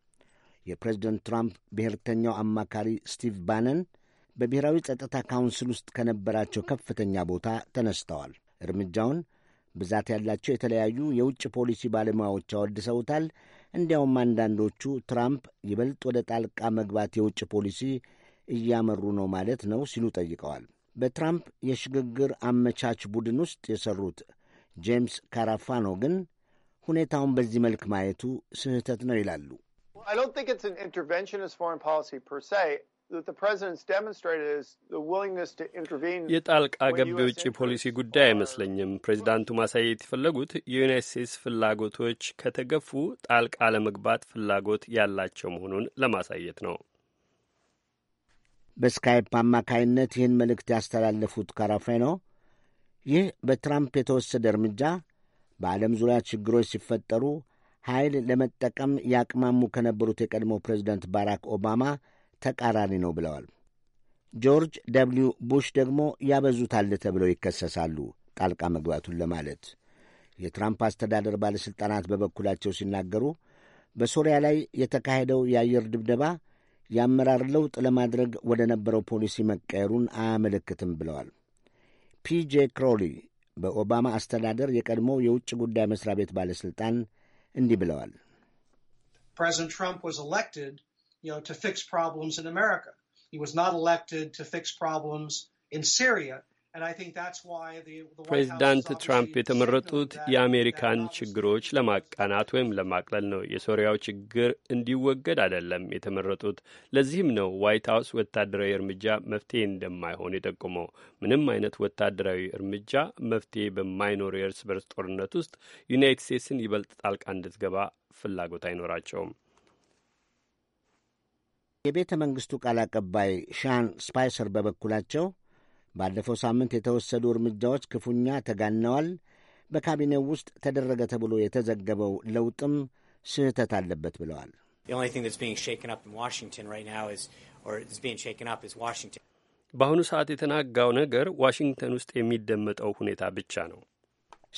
የፕሬዝደንት ትራምፕ ብሔርተኛው አማካሪ ስቲቭ ባነን በብሔራዊ ጸጥታ ካውንስል ውስጥ ከነበራቸው ከፍተኛ ቦታ ተነስተዋል። እርምጃውን ብዛት ያላቸው የተለያዩ የውጭ ፖሊሲ ባለሙያዎች አወድሰውታል። እንዲያውም አንዳንዶቹ ትራምፕ ይበልጥ ወደ ጣልቃ መግባት የውጭ ፖሊሲ እያመሩ ነው ማለት ነው ሲሉ ጠይቀዋል። በትራምፕ የሽግግር አመቻች ቡድን ውስጥ የሰሩት ጄምስ ካራፋኖ ግን ሁኔታውን በዚህ መልክ ማየቱ ስህተት ነው ይላሉ። የጣልቃ ገብ የውጭ ፖሊሲ ጉዳይ አይመስለኝም። ፕሬዚዳንቱ ማሳየት የፈለጉት የዩናይት ስቴትስ ፍላጎቶች ከተገፉ ጣልቃ ለመግባት ፍላጎት ያላቸው መሆኑን ለማሳየት ነው። በስካይፕ አማካይነት ይህን መልእክት ያስተላለፉት ካራፌኖ ይህ በትራምፕ የተወሰደ እርምጃ በዓለም ዙሪያ ችግሮች ሲፈጠሩ ኃይል ለመጠቀም ያቅማሙ ከነበሩት የቀድሞ ፕሬዚደንት ባራክ ኦባማ ተቃራኒ ነው ብለዋል። ጆርጅ ደብልዩ ቡሽ ደግሞ ያበዙታል ተብለው ይከሰሳሉ ጣልቃ መግባቱን ለማለት። የትራምፕ አስተዳደር ባለሥልጣናት በበኩላቸው ሲናገሩ በሶሪያ ላይ የተካሄደው የአየር ድብደባ የአመራር ለውጥ ለማድረግ ወደ ነበረው ፖሊሲ መቀየሩን አያመለክትም ብለዋል። ፒጄ ክሮሊ በኦባማ አስተዳደር የቀድሞው የውጭ ጉዳይ መስሪያ ቤት ባለሥልጣን እንዲህ ብለዋል። ፕሬዚደንት ትራምፕ ወዝ ኤሌክትድ ቱ ፊክስ ፕሮብለምስ ኢን አሜሪካ ሂ ዋዝ ናት ኤሌክትድ ቱ ፊክስ ፕሬዚዳንት ትራምፕ የተመረጡት የአሜሪካን ችግሮች ለማቃናት ወይም ለማቅለል ነው። የሶሪያው ችግር እንዲወገድ አይደለም የተመረጡት። ለዚህም ነው ዋይት ሀውስ ወታደራዊ እርምጃ መፍትሄ እንደማይሆን የጠቁመው። ምንም አይነት ወታደራዊ እርምጃ መፍትሄ በማይኖር የእርስ በርስ ጦርነት ውስጥ ዩናይትድ ስቴትስን ይበልጥ ጣልቃ እንድትገባ ፍላጎት አይኖራቸውም። የቤተ መንግስቱ ቃል አቀባይ ሻን ስፓይሰር በበኩላቸው ባለፈው ሳምንት የተወሰዱ እርምጃዎች ክፉኛ ተጋነዋል። በካቢኔው ውስጥ ተደረገ ተብሎ የተዘገበው ለውጥም ስህተት አለበት ብለዋል። በአሁኑ ሰዓት የተናጋው ነገር ዋሽንግተን ውስጥ የሚደመጠው ሁኔታ ብቻ ነው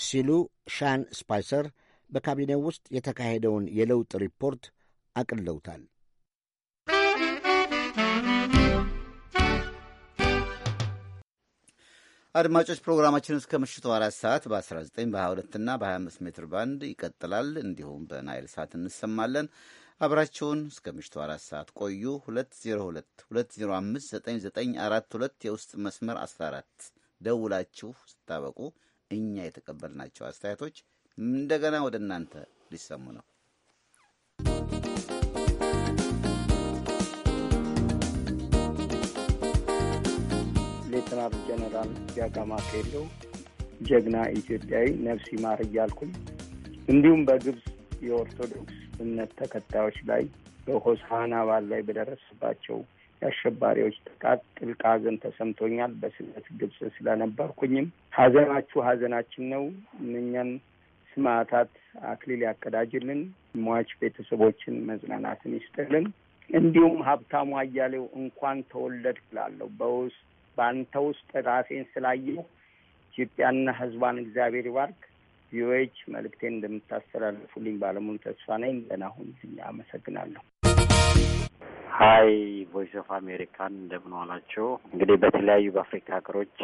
ሲሉ ሻን ስፓይሰር በካቢኔው ውስጥ የተካሄደውን የለውጥ ሪፖርት አቅለውታል። አድማጮች ፕሮግራማችን እስከ ምሽቱ አራት ሰዓት በ19 በ22 እና በ25 ሜትር ባንድ ይቀጥላል። እንዲሁም በናይል ሰዓት እንሰማለን። አብራችሁን እስከ ምሽቱ አራት ሰዓት ቆዩ። 2022059942 የውስጥ መስመር 14 ደውላችሁ ስታበቁ እኛ የተቀበልናቸው አስተያየቶች እንደገና ወደ እናንተ ሊሰሙ ነው። ሜጀር ጀነራል ጃጋማ ኬሎ ጀግና ኢትዮጵያዊ ነፍስ ይማር እያልኩም እንዲሁም በግብጽ የኦርቶዶክስ እምነት ተከታዮች ላይ በሆሳና በዓል ላይ በደረሰባቸው የአሸባሪዎች ጥቃት ጥልቅ ሀዘን ተሰምቶኛል። በስደት ግብፅ ስለነበርኩኝም ሀዘናችሁ ሀዘናችን ነው። እነኛን ስማዕታት አክሊል ያቀዳጅልን፣ ሟች ቤተሰቦችን መጽናናትን ይስጥልን። እንዲሁም ሀብታሙ አያሌው እንኳን ተወለድ ላለው በውስጥ በአንተ ውስጥ ራሴን ስላየሁ ኢትዮጵያና ህዝቧን እግዚአብሔር ይባርክ። ቪኦኤዎች መልእክቴን እንደምታስተላልፉልኝ ባለሙሉ ተስፋ ነኝ። ለናሁን አመሰግናለሁ። ሀይ ቮይስ ኦፍ አሜሪካን እንደምን ዋላችሁ። እንግዲህ በተለያዩ በአፍሪካ ሀገሮች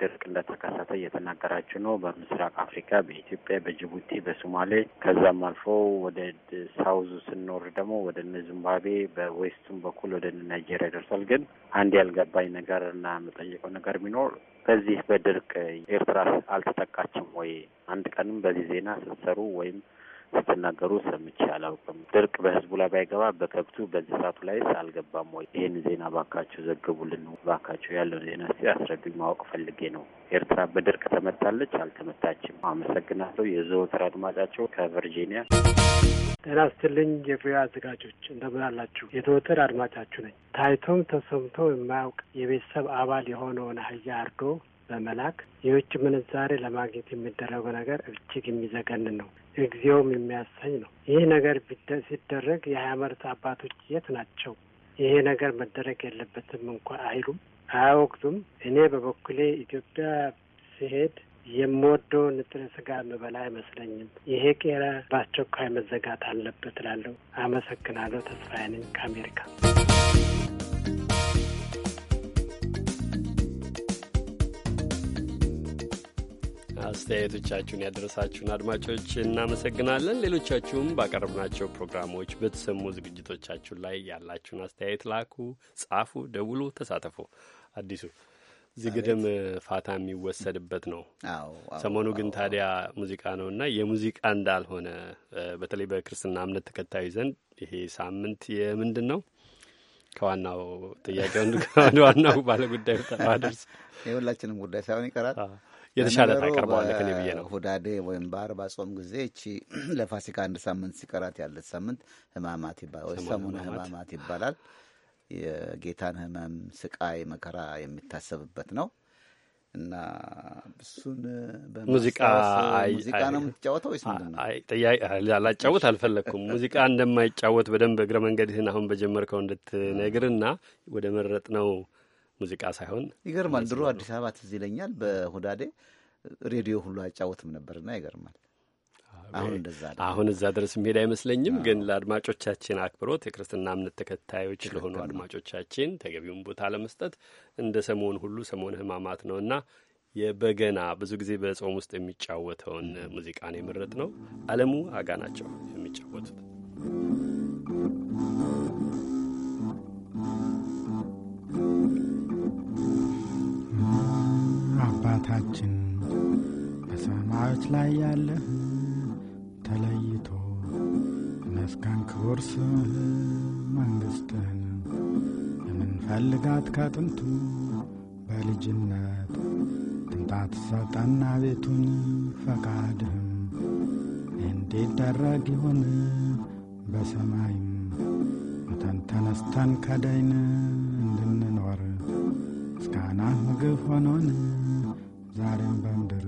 ድርቅ እንደተከሰተ እየተናገራችሁ ነው። በምስራቅ አፍሪካ፣ በኢትዮጵያ፣ በጅቡቲ፣ በሶማሌ ከዛም አልፎ ወደ ሳውዙ ስንወር ደግሞ ወደ እነ ዚምባብዌ በዌስቱም በኩል ወደ እነ ናይጄሪያ ደርሷል። ግን አንድ ያልገባኝ ነገር እና የምጠይቀው ነገር ቢኖር በዚህ በድርቅ ኤርትራ አልተጠቃችም ወይ? አንድ ቀንም በዚህ ዜና ስትሰሩ ወይም ስትናገሩ ሰምቼ አላውቅም። ድርቅ በህዝቡ ላይ ባይገባ በከብቱ በእንስሳቱ ላይ አልገባም ወይ? ይህን ዜና ባካቸው ዘግቡልን። ባካቸው ያለውን ዜና እስቲ አስረዱኝ። ማወቅ ፈልጌ ነው። ኤርትራ በድርቅ ተመታለች አልተመታችም? አመሰግናለሁ። የዘወትር አድማጫቸው ከቨርጂኒያ። ጤና ስትልኝ የቪኦኤ አዘጋጆች እንደምን አላችሁ? የዘወትር አድማጫችሁ ነኝ። ታይቶም ተሰምቶ የማያውቅ የቤተሰብ አባል የሆነውን አህያ አርዶ በመላክ የውጭ ምንዛሬ ለማግኘት የሚደረገው ነገር እጅግ የሚዘገንን ነው። እግዚኦም የሚያሰኝ ነው። ይህ ነገር ሲደረግ የሃይማኖት አባቶች የት ናቸው? ይሄ ነገር መደረግ የለበትም እንኳ አይሉም፣ አያወግዙም። እኔ በበኩሌ ኢትዮጵያ ሲሄድ የምወደው ንጥረ ስጋ ምበላ አይመስለኝም። ይሄ ቄራ በአስቸኳይ መዘጋት አለበት እላለሁ። አመሰግናለሁ። ተስፋዬ ነኝ ከአሜሪካ አስተያየቶቻችሁን ያደረሳችሁን አድማጮች እናመሰግናለን። ሌሎቻችሁም ባቀረብናቸው ፕሮግራሞች በተሰሙ ዝግጅቶቻችሁ ላይ ያላችሁን አስተያየት ላኩ፣ ጻፉ፣ ደውሉ፣ ተሳተፉ። አዲሱ ዝግድም ፋታ የሚወሰድበት ነው። ሰሞኑ ግን ታዲያ ሙዚቃ ነው እና የሙዚቃ እንዳልሆነ በተለይ በክርስትና እምነት ተከታዩ ዘንድ ይሄ ሳምንት የምንድን ነው? ከዋናው ጥያቄ ዋናው ባለጉዳዩ ደርስ የሁላችንም ጉዳይ ሳይሆን ይቀራል። የተሻለ ታቀርበዋለህ ከኔ ብዬ ነው። ሁዳዴ ወይም በአርባ ጾም ጊዜ እቺ (clears throat) ለፋሲካ አንድ ሳምንት ሲቀራት ያለች ሳምንት ህማማት ይባላል፣ ወይ ሰሙነ ህማማት ይባላል። የጌታን ህመም፣ ስቃይ፣ መከራ የሚታሰብበት ነው እና እሱን ሙዚቃ ሙዚቃ ነው የምትጫወተው ወይስ ምንድን ነው? ላጫወት አልፈለግኩም። ሙዚቃ እንደማይጫወት በደንብ እግረ መንገድህን አሁን በጀመርከው እንድትነግርና ወደ መረጥ ነው ሙዚቃ ሳይሆን ይገርማል። ድሮ አዲስ አበባ ትዝ ይለኛል በሁዳዴ ሬዲዮ ሁሉ አይጫወትም ነበርና ይገርማል። አሁን እንደዛ አሁን እዛ ድረስ የሚሄድ አይመስለኝም። ግን ለአድማጮቻችን አክብሮት የክርስትና እምነት ተከታዮች ለሆኑ አድማጮቻችን ተገቢውን ቦታ ለመስጠት እንደ ሰሞን ሁሉ ሰሞን ሕማማት ነውና የበገና ብዙ ጊዜ በጾም ውስጥ የሚጫወተውን ሙዚቃ ነው የመረጥ ነው። አለሙ አጋ ናቸው የሚጫወቱት። አባታችን በሰማዮች ላይ ያለህ ተለይቶ መስከን ክቡር ስምህ መንግሥትህን የምንፈልጋት ከጥንቱ በልጅነት ጥንታት ሰጠና ቤቱን ፈቃድህም እንዲደረግ ይሁን በሰማይም ሙተን ተነስተን ከዳይን እንድንኖር ምስጋና ምግብ ሆኖን ዛሬም በምድር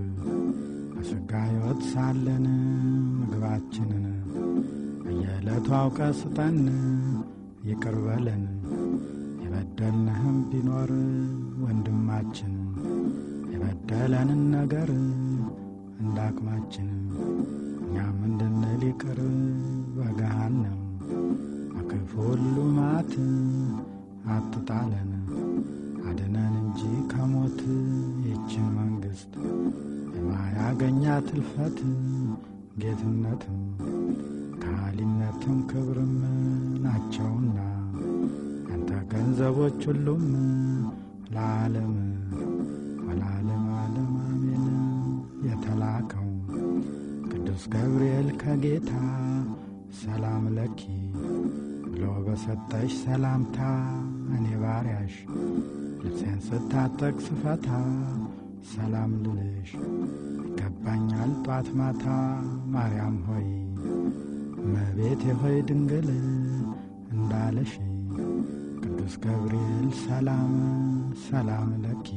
በስጋ ሕይወት ሳለን ምግባችንን በየዕለቱ አውቀ ስጠን፣ ይቅር በለን የበደልንህም ቢኖር ወንድማችን የበደለንን ነገር እንዳቅማችን እኛም እንድንል ይቅር በገሃነም በክፉ ሁሉ ማት አትጣለን። አድነን እንጂ ከሞት ይችን መንግሥት የማያገኛት ትልፈት ጌትነትም ካሊነትም ክብርም ናቸውና አንተ ገንዘቦች ሁሉም ለዓለም ወላለም ዓለም አሜን የተላከው ቅዱስ ገብርኤል ከጌታ ሰላም ለኪ ብሎ በሰጠሽ ሰላምታ እኔ ባሪያሽ ልብሴን ስታጠቅ ስፈታ ሰላም ልልሽ ይገባኛል ጧት ማታ ማርያም ሆይ መቤቴ ሆይ ድንግል እንዳለሽ ቅዱስ ገብርኤል ሰላም ሰላም ለኪ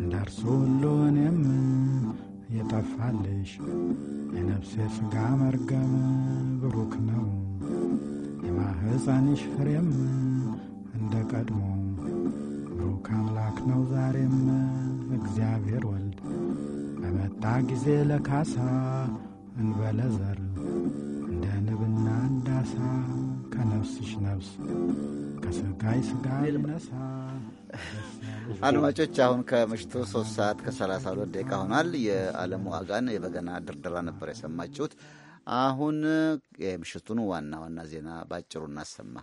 እንዳርሱ ሁሉ እኔም የጠፋልሽ የነፍሴ ሥጋ መርገም ብሩክ ነው የማህፀንሽ ፍሬም እንደ ቀድሞ ብሩክ አምላክ ነው ዛሬም እግዚአብሔር ወልድ በመጣ ጊዜ ለካሳ እንበለዘር እንደ ንብና እንዳሳ ከነፍስሽ ነፍስ ከስጋይ ስጋ ይነሳ። አድማጮች አሁን ከምሽቱ ሶስት ሰዓት ከሰላሳ ሁለት ደቂቃ ሆኗል። የዓለም ዋጋን የበገና ድርድራ ነበር የሰማችሁት። አሁን የምሽቱን ዋና ዋና ዜና ባጭሩ እናሰማ።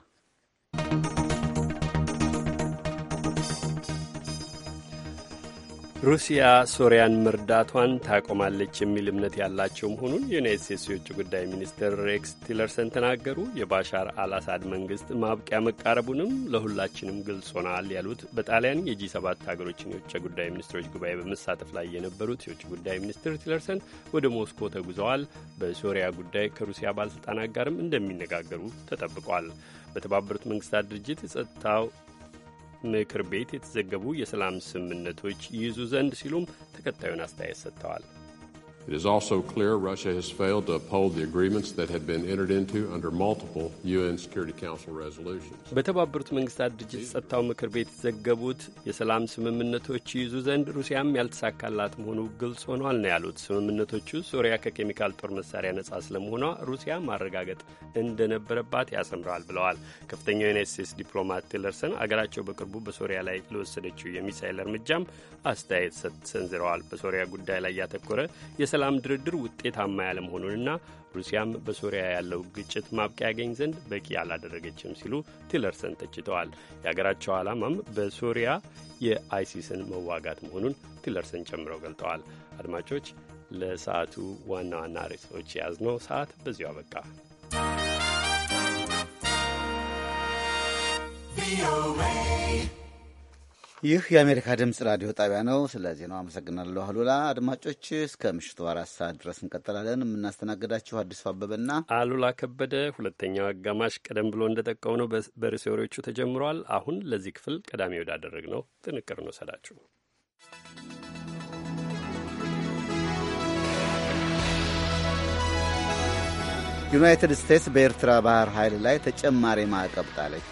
ሩሲያ ሶሪያን መርዳቷን ታቆማለች የሚል እምነት ያላቸው መሆኑን የዩናይት ስቴትስ የውጭ ጉዳይ ሚኒስትር ሬክስ ቲለርሰን ተናገሩ። የባሻር አልአሳድ መንግስት ማብቂያ መቃረቡንም ለሁላችንም ግልጽ ሆናል ያሉት በጣሊያን የጂ ሰባት ሀገሮችን የውጭ ጉዳይ ሚኒስትሮች ጉባኤ በመሳተፍ ላይ የነበሩት የውጭ ጉዳይ ሚኒስትር ቲለርሰን ወደ ሞስኮ ተጉዘዋል። በሶሪያ ጉዳይ ከሩሲያ ባለስልጣናት ጋርም እንደሚነጋገሩ ተጠብቋል። በተባበሩት መንግስታት ድርጅት የጸጥታው ምክር ቤት የተዘገቡ የሰላም ስምምነቶች ይይዙ ዘንድ ሲሉም ተከታዩን አስተያየት ሰጥተዋል። It is also clear Russia has failed to uphold the agreements that had been entered into under multiple UN Security Council resolutions. በተባበሩት መንግስታት ድርጅት ጸጥታው ምክር ቤት የተዘገቡት የሰላም ስምምነቶች ይይዙ ዘንድ ሩሲያም ያልተሳካላት መሆኑ ግልጽ ሆኗል ነው ያሉት። ስምምነቶቹ ሶሪያ ከኬሚካል ጦር መሳሪያ ነጻ ስለመሆኗ ሩሲያ ማረጋገጥ እንደነበረባት ያሰምራል ብለዋል። ከፍተኛው የዩናይት ስቴትስ ዲፕሎማት ቲለርሰን አገራቸው በቅርቡ በሶሪያ ላይ ለወሰደችው የሚሳይል እርምጃም አስተያየት ሰንዝረዋል። በሶሪያ ጉዳይ ላይ ያተኮረ የሰላም ድርድር ውጤታማ ያለመሆኑንና ሩሲያም በሶሪያ ያለው ግጭት ማብቂያ ያገኝ ዘንድ በቂ አላደረገችም ሲሉ ቲለርሰን ተችተዋል። የሀገራቸው ዓላማም በሶሪያ የአይሲስን መዋጋት መሆኑን ቲለርሰን ጨምረው ገልጠዋል። አድማጮች ለሰዓቱ ዋና ዋና ርዕሶች የያዝነው ሰዓት በዚሁ አበቃ። ቪኦኤ ይህ የአሜሪካ ድምፅ ራዲዮ ጣቢያ ነው። ስለ ዜናው አመሰግናለሁ አሉላ። አድማጮች እስከ ምሽቱ አራት ሰዓት ድረስ እንቀጥላለን። የምናስተናግዳችሁ አዲሱ አበበና አሉላ ከበደ። ሁለተኛው አጋማሽ ቀደም ብሎ እንደጠቀምነው በርዕሰ ወሬዎቹ ተጀምሯል። አሁን ለዚህ ክፍል ቀዳሚ ወዳደረግ ነው ጥንቅር ነው ሰዳችሁ ዩናይትድ ስቴትስ በኤርትራ ባህር ኃይል ላይ ተጨማሪ ማዕቀብ ጣለች።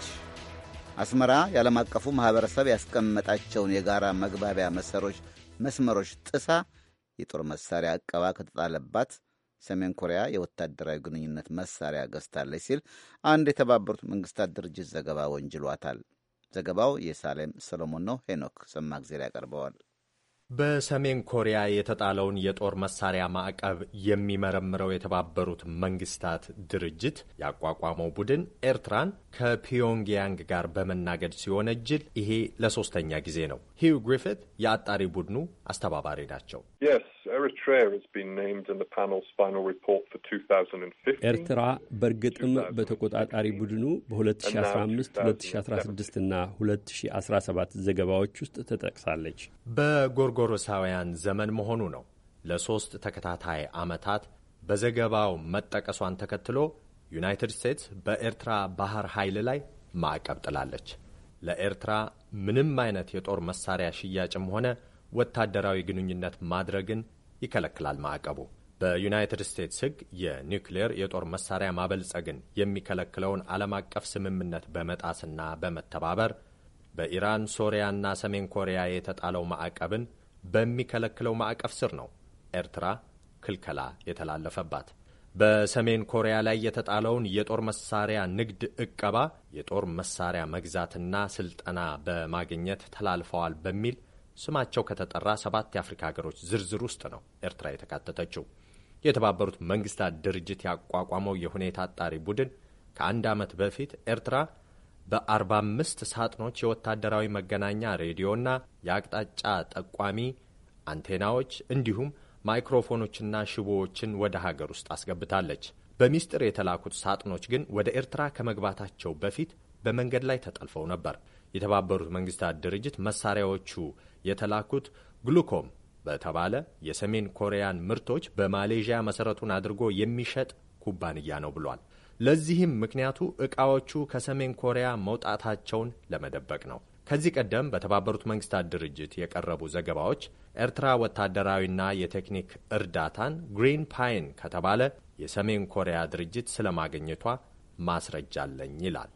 አስመራ የዓለም አቀፉ ማኅበረሰብ ያስቀመጣቸውን የጋራ መግባቢያ መሰሮች መስመሮች ጥሳ የጦር መሳሪያ ዕቀባ ከተጣለባት ሰሜን ኮሪያ የወታደራዊ ግንኙነት መሳሪያ ገዝታለች ሲል አንድ የተባበሩት መንግስታት ድርጅት ዘገባ ወንጅሏታል። ዘገባው የሳሌም ሰሎሞን ነው። ሄኖክ ሰማግዜር ያቀርበዋል። በሰሜን ኮሪያ የተጣለውን የጦር መሳሪያ ማዕቀብ የሚመረምረው የተባበሩት መንግስታት ድርጅት ያቋቋመው ቡድን ኤርትራን ከፒዮንግያንግ ጋር በመናገድ እጅል ይሄ ለሶስተኛ ጊዜ ነው። ሂው ግሪፊት የአጣሪ ቡድኑ አስተባባሪ ናቸው። ኤርትራ በእርግጥም በተቆጣጣሪ ቡድኑ በ2015 2016 እና 2017 ዘገባዎች ውስጥ ተጠቅሳለች። በጎርጎሮሳውያን ዘመን መሆኑ ነው። ለሶስት ተከታታይ ዓመታት በዘገባው መጠቀሷን ተከትሎ ዩናይትድ ስቴትስ በኤርትራ ባህር ኃይል ላይ ማዕቀብ ጥላለች። ለኤርትራ ምንም አይነት የጦር መሳሪያ ሽያጭም ሆነ ወታደራዊ ግንኙነት ማድረግን ይከለክላል ማዕቀቡ። በዩናይትድ ስቴትስ ሕግ የኒውክሌር የጦር መሳሪያ ማበልጸግን የሚከለክለውን ዓለም አቀፍ ስምምነት በመጣስና በመተባበር በኢራን ሶሪያና ሰሜን ኮሪያ የተጣለው ማዕቀብን በሚከለክለው ማዕቀፍ ስር ነው ኤርትራ ክልከላ የተላለፈባት። በሰሜን ኮሪያ ላይ የተጣለውን የጦር መሳሪያ ንግድ እቀባ የጦር መሳሪያ መግዛትና ስልጠና በማግኘት ተላልፈዋል በሚል ስማቸው ከተጠራ ሰባት የአፍሪካ ሀገሮች ዝርዝር ውስጥ ነው ኤርትራ የተካተተችው። የተባበሩት መንግስታት ድርጅት ያቋቋመው የሁኔታ አጣሪ ቡድን ከአንድ ዓመት በፊት ኤርትራ በ45 ሳጥኖች የወታደራዊ መገናኛ ሬዲዮና የአቅጣጫ ጠቋሚ አንቴናዎች እንዲሁም ማይክሮፎኖችና ሽቦዎችን ወደ ሀገር ውስጥ አስገብታለች። በሚስጥር የተላኩት ሳጥኖች ግን ወደ ኤርትራ ከመግባታቸው በፊት በመንገድ ላይ ተጠልፈው ነበር። የተባበሩት መንግስታት ድርጅት መሳሪያዎቹ የተላኩት ግሉኮም በተባለ የሰሜን ኮሪያን ምርቶች በማሌዥያ መሰረቱን አድርጎ የሚሸጥ ኩባንያ ነው ብሏል። ለዚህም ምክንያቱ ዕቃዎቹ ከሰሜን ኮሪያ መውጣታቸውን ለመደበቅ ነው። ከዚህ ቀደም በተባበሩት መንግስታት ድርጅት የቀረቡ ዘገባዎች ኤርትራ ወታደራዊና የቴክኒክ እርዳታን ግሪን ፓይን ከተባለ የሰሜን ኮሪያ ድርጅት ስለማግኘቷ ማስረጃ አለኝ ይላል።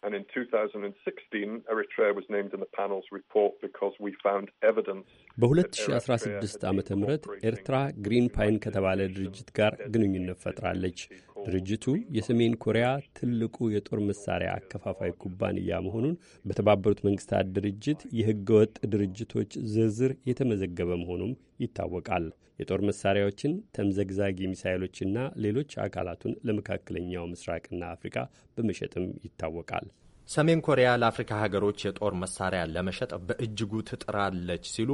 በ2016 ዓ ም ኤርትራ ግሪን ፓይን ከተባለ ድርጅት ጋር ግንኙነት ፈጥራለች። ድርጅቱ የሰሜን ኮሪያ ትልቁ የጦር መሳሪያ አከፋፋይ ኩባንያ መሆኑን በተባበሩት መንግስታት ድርጅት የህገወጥ ድርጅቶች ዝርዝር የተመዘገበ መሆኑም ይታወቃል። የጦር መሳሪያዎችን፣ ተምዘግዛጊ ሚሳይሎችና ሌሎች አካላቱን ለመካከለኛው ምስራቅና አፍሪካ በመሸጥም ይታወቃል። ሰሜን ኮሪያ ለአፍሪካ ሀገሮች የጦር መሳሪያ ለመሸጥ በእጅጉ ትጥራለች ሲሉ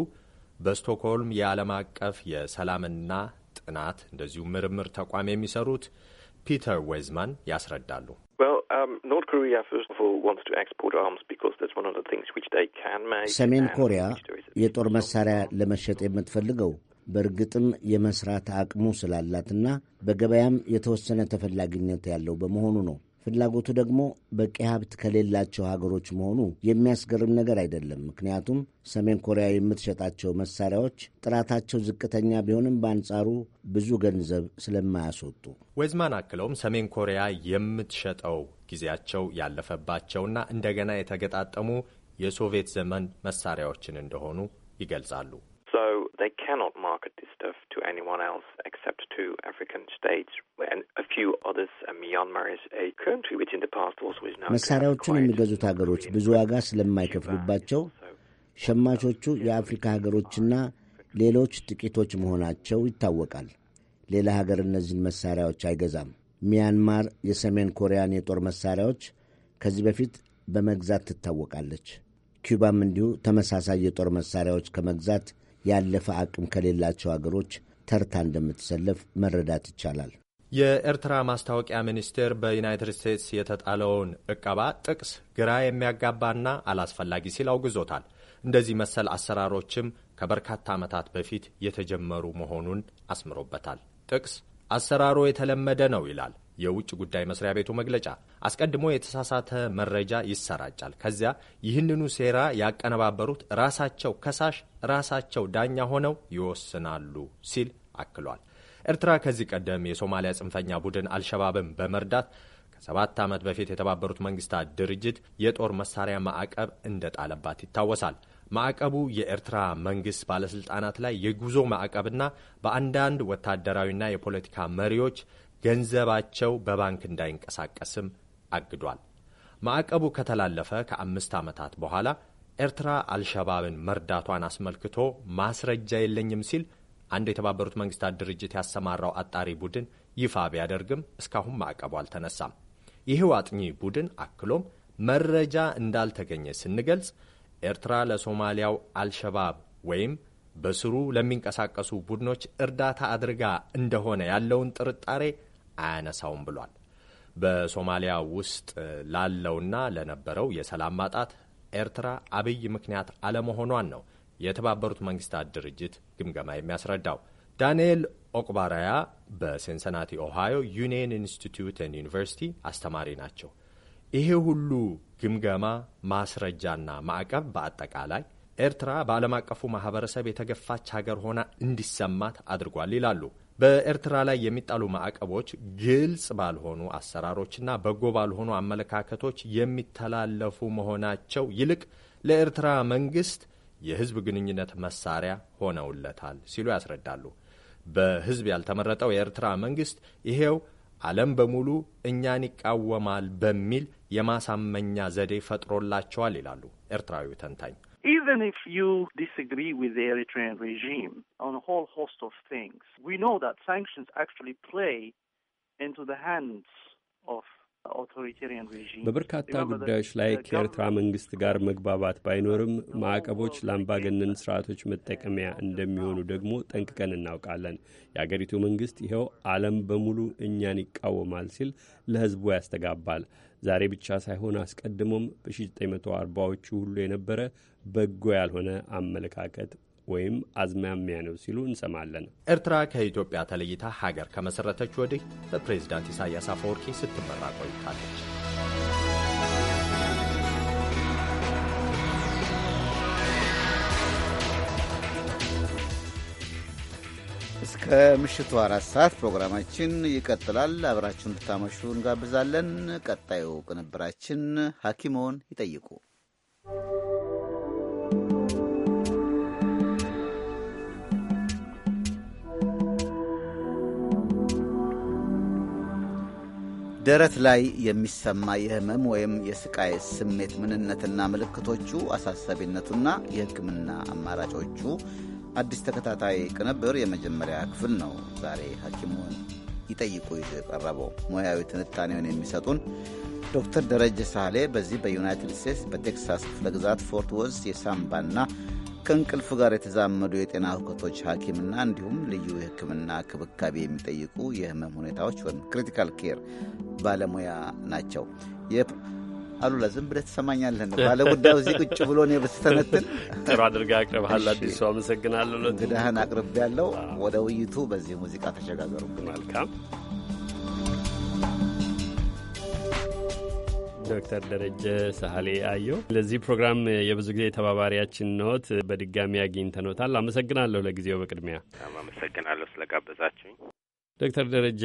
በስቶክሆልም የዓለም አቀፍ የሰላምና ጥናት እንደዚሁ ምርምር ተቋም የሚሰሩት ፒተር ዌዝማን ያስረዳሉ። Um, ሰሜን ኮሪያ የጦር መሳሪያ ለመሸጥ የምትፈልገው በእርግጥም የመስራት አቅሙ ስላላትና በገበያም የተወሰነ ተፈላጊነት ያለው በመሆኑ ነው። ፍላጎቱ ደግሞ በቂ ሀብት ከሌላቸው ሀገሮች መሆኑ የሚያስገርም ነገር አይደለም። ምክንያቱም ሰሜን ኮሪያ የምትሸጣቸው መሳሪያዎች ጥራታቸው ዝቅተኛ ቢሆንም በአንጻሩ ብዙ ገንዘብ ስለማያስወጡ ወዝማን አክለውም ሰሜን ኮሪያ የምትሸጠው ጊዜያቸው ያለፈባቸውና እንደገና የተገጣጠሙ የሶቪየት ዘመን መሳሪያዎችን እንደሆኑ ይገልጻሉ። So they cannot market this to anyone else except two African states and a few others. Uh, Myanmar is a country which in the past also is now መሳሪያዎቹን የሚገዙት ሀገሮች ብዙ ዋጋ ስለማይከፍሉባቸው ሸማቾቹ የአፍሪካ ሀገሮችና ሌሎች ጥቂቶች መሆናቸው ይታወቃል። ሌላ ሀገር እነዚህን መሳሪያዎች አይገዛም። ሚያንማር የሰሜን ኮሪያን የጦር መሳሪያዎች ከዚህ በፊት በመግዛት ትታወቃለች። ኪውባም እንዲሁ ተመሳሳይ የጦር መሳሪያዎች ከመግዛት ያለፈ አቅም ከሌላቸው አገሮች ተርታ እንደምትሰለፍ መረዳት ይቻላል። የኤርትራ ማስታወቂያ ሚኒስቴር በዩናይትድ ስቴትስ የተጣለውን እቀባ ጥቅስ ግራ የሚያጋባና አላስፈላጊ ሲል አውግዞታል። እንደዚህ መሰል አሰራሮችም ከበርካታ ዓመታት በፊት የተጀመሩ መሆኑን አስምሮበታል። ጥቅስ አሰራሩ የተለመደ ነው ይላል። የውጭ ጉዳይ መስሪያ ቤቱ መግለጫ አስቀድሞ የተሳሳተ መረጃ ይሰራጫል። ከዚያ ይህንኑ ሴራ ያቀነባበሩት ራሳቸው ከሳሽ ራሳቸው ዳኛ ሆነው ይወስናሉ ሲል አክሏል። ኤርትራ ከዚህ ቀደም የሶማሊያ ጽንፈኛ ቡድን አልሸባብን በመርዳት ከሰባት ዓመት በፊት የተባበሩት መንግስታት ድርጅት የጦር መሳሪያ ማዕቀብ እንደጣለባት ይታወሳል። ማዕቀቡ የኤርትራ መንግስት ባለሥልጣናት ላይ የጉዞ ማዕቀብና በአንዳንድ ወታደራዊና የፖለቲካ መሪዎች ገንዘባቸው በባንክ እንዳይንቀሳቀስም አግዷል። ማዕቀቡ ከተላለፈ ከአምስት ዓመታት በኋላ ኤርትራ አልሸባብን መርዳቷን አስመልክቶ ማስረጃ የለኝም ሲል አንድ የተባበሩት መንግስታት ድርጅት ያሰማራው አጣሪ ቡድን ይፋ ቢያደርግም እስካሁን ማዕቀቡ አልተነሳም። ይህው አጥኚ ቡድን አክሎም መረጃ እንዳልተገኘ ስንገልጽ ኤርትራ ለሶማሊያው አልሸባብ ወይም በስሩ ለሚንቀሳቀሱ ቡድኖች እርዳታ አድርጋ እንደሆነ ያለውን ጥርጣሬ አያነሳውም ብሏል። በሶማሊያ ውስጥ ላለውና ለነበረው የሰላም ማጣት ኤርትራ አብይ ምክንያት አለመሆኗን ነው የተባበሩት መንግስታት ድርጅት ግምገማ የሚያስረዳው። ዳንኤል ኦቅባራያ በሲንሰናቲ ኦሃዮ ዩኒየን ኢንስቲትዩትን ዩኒቨርሲቲ አስተማሪ ናቸው። ይሄ ሁሉ ግምገማ ማስረጃና ማዕቀብ በአጠቃላይ ኤርትራ በዓለም አቀፉ ማህበረሰብ የተገፋች ሀገር ሆና እንዲሰማት አድርጓል ይላሉ። በኤርትራ ላይ የሚጣሉ ማዕቀቦች ግልጽ ባልሆኑ አሰራሮችና በጎ ባልሆኑ አመለካከቶች የሚተላለፉ መሆናቸው ይልቅ ለኤርትራ መንግስት የህዝብ ግንኙነት መሳሪያ ሆነውለታል ሲሉ ያስረዳሉ። በህዝብ ያልተመረጠው የኤርትራ መንግስት ይሄው ዓለም በሙሉ እኛን ይቃወማል በሚል የማሳመኛ ዘዴ ፈጥሮላቸዋል ይላሉ ኤርትራዊ ተንታኝ። Even if you disagree with the Eritrean regime on a whole host of things, we know that sanctions actually play into the hands of authoritarian regimes. በበርካታ ጉዳዮች ላይ ከኤርትራ መንግስት ጋር መግባባት ባይኖርም ማዕቀቦች ለአምባገነን ስርዓቶች መጠቀሚያ እንደሚሆኑ ደግሞ ጠንቅቀን እናውቃለን። የአገሪቱ መንግስት ይኸው ዓለም በሙሉ እኛን ይቃወማል ሲል ለህዝቡ ያስተጋባል። ዛሬ ብቻ ሳይሆን አስቀድሞም በ1940ዎቹ ሁሉ የነበረ በጎ ያልሆነ አመለካከት ወይም አዝማሚያ ነው ሲሉ እንሰማለን። ኤርትራ ከኢትዮጵያ ተለይታ ሀገር ከመሠረተች ወዲህ በፕሬዝዳንት ኢሳያስ አፈወርቂ ስትመራ ቆይታለች። ከምሽቱ አራት ሰዓት ፕሮግራማችን ይቀጥላል። አብራችሁ እንድታመሹ እንጋብዛለን። ቀጣዩ ቅንብራችን ሐኪሞን ይጠይቁ ደረት ላይ የሚሰማ የህመም ወይም የስቃይ ስሜት ምንነትና ምልክቶቹ፣ አሳሳቢነቱና የሕክምና አማራጮቹ አዲስ ተከታታይ ቅንብር የመጀመሪያ ክፍል ነው። ዛሬ ሐኪሙን ይጠይቁ ይዞ የቀረበው ሙያዊ ትንታኔውን የሚሰጡን ዶክተር ደረጀ ሳህሌ በዚህ በዩናይትድ ስቴትስ በቴክሳስ ክፍለ ግዛት ፎርት ወርዝ የሳምባና ከእንቅልፍ ጋር የተዛመዱ የጤና እውከቶች ሐኪምና እንዲሁም ልዩ የሕክምና ክብካቤ የሚጠይቁ የህመም ሁኔታዎች ወይም ክሪቲካል ኬር ባለሙያ ናቸው። አሉላ ዝም ብለህ ትሰማኛለህ ነው ባለ እዚህ ቁጭ ብሎ ነው ብስተነትን ጥሩ አድርጋ አቅርበሃል። አዲሱ አመሰግናለሁ። እንግዳህን አቅርብ ያለው ወደ ውይይቱ በዚህ ሙዚቃ ተሸጋገሩ። መልካም ዶክተር ደረጀ ሳህሌ አየው ለዚህ ፕሮግራም የብዙ ጊዜ ተባባሪያችን ኖት። በድጋሚ አግኝተኖታል። አመሰግናለሁ። ለጊዜው በቅድሚያ አመሰግናለሁ ስለጋበዛችሁኝ። ዶክተር ደረጀ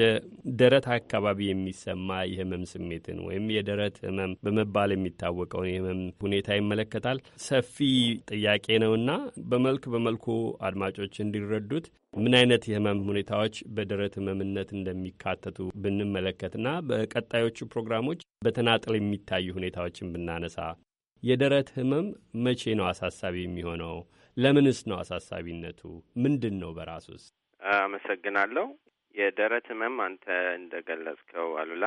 ደረት አካባቢ የሚሰማ የህመም ስሜትን ወይም የደረት ህመም በመባል የሚታወቀውን የህመም ሁኔታ ይመለከታል። ሰፊ ጥያቄ ነውና በመልክ በመልኩ አድማጮች እንዲረዱት ምን አይነት የህመም ሁኔታዎች በደረት ህመምነት እንደሚካተቱ ብንመለከትና በቀጣዮቹ ፕሮግራሞች በተናጠል የሚታዩ ሁኔታዎችን ብናነሳ የደረት ህመም መቼ ነው አሳሳቢ የሚሆነው? ለምንስ ነው አሳሳቢነቱ? ምንድን ነው በራሱስ? አመሰግናለሁ። የደረት ህመም አንተ እንደገለጽከው አሉላ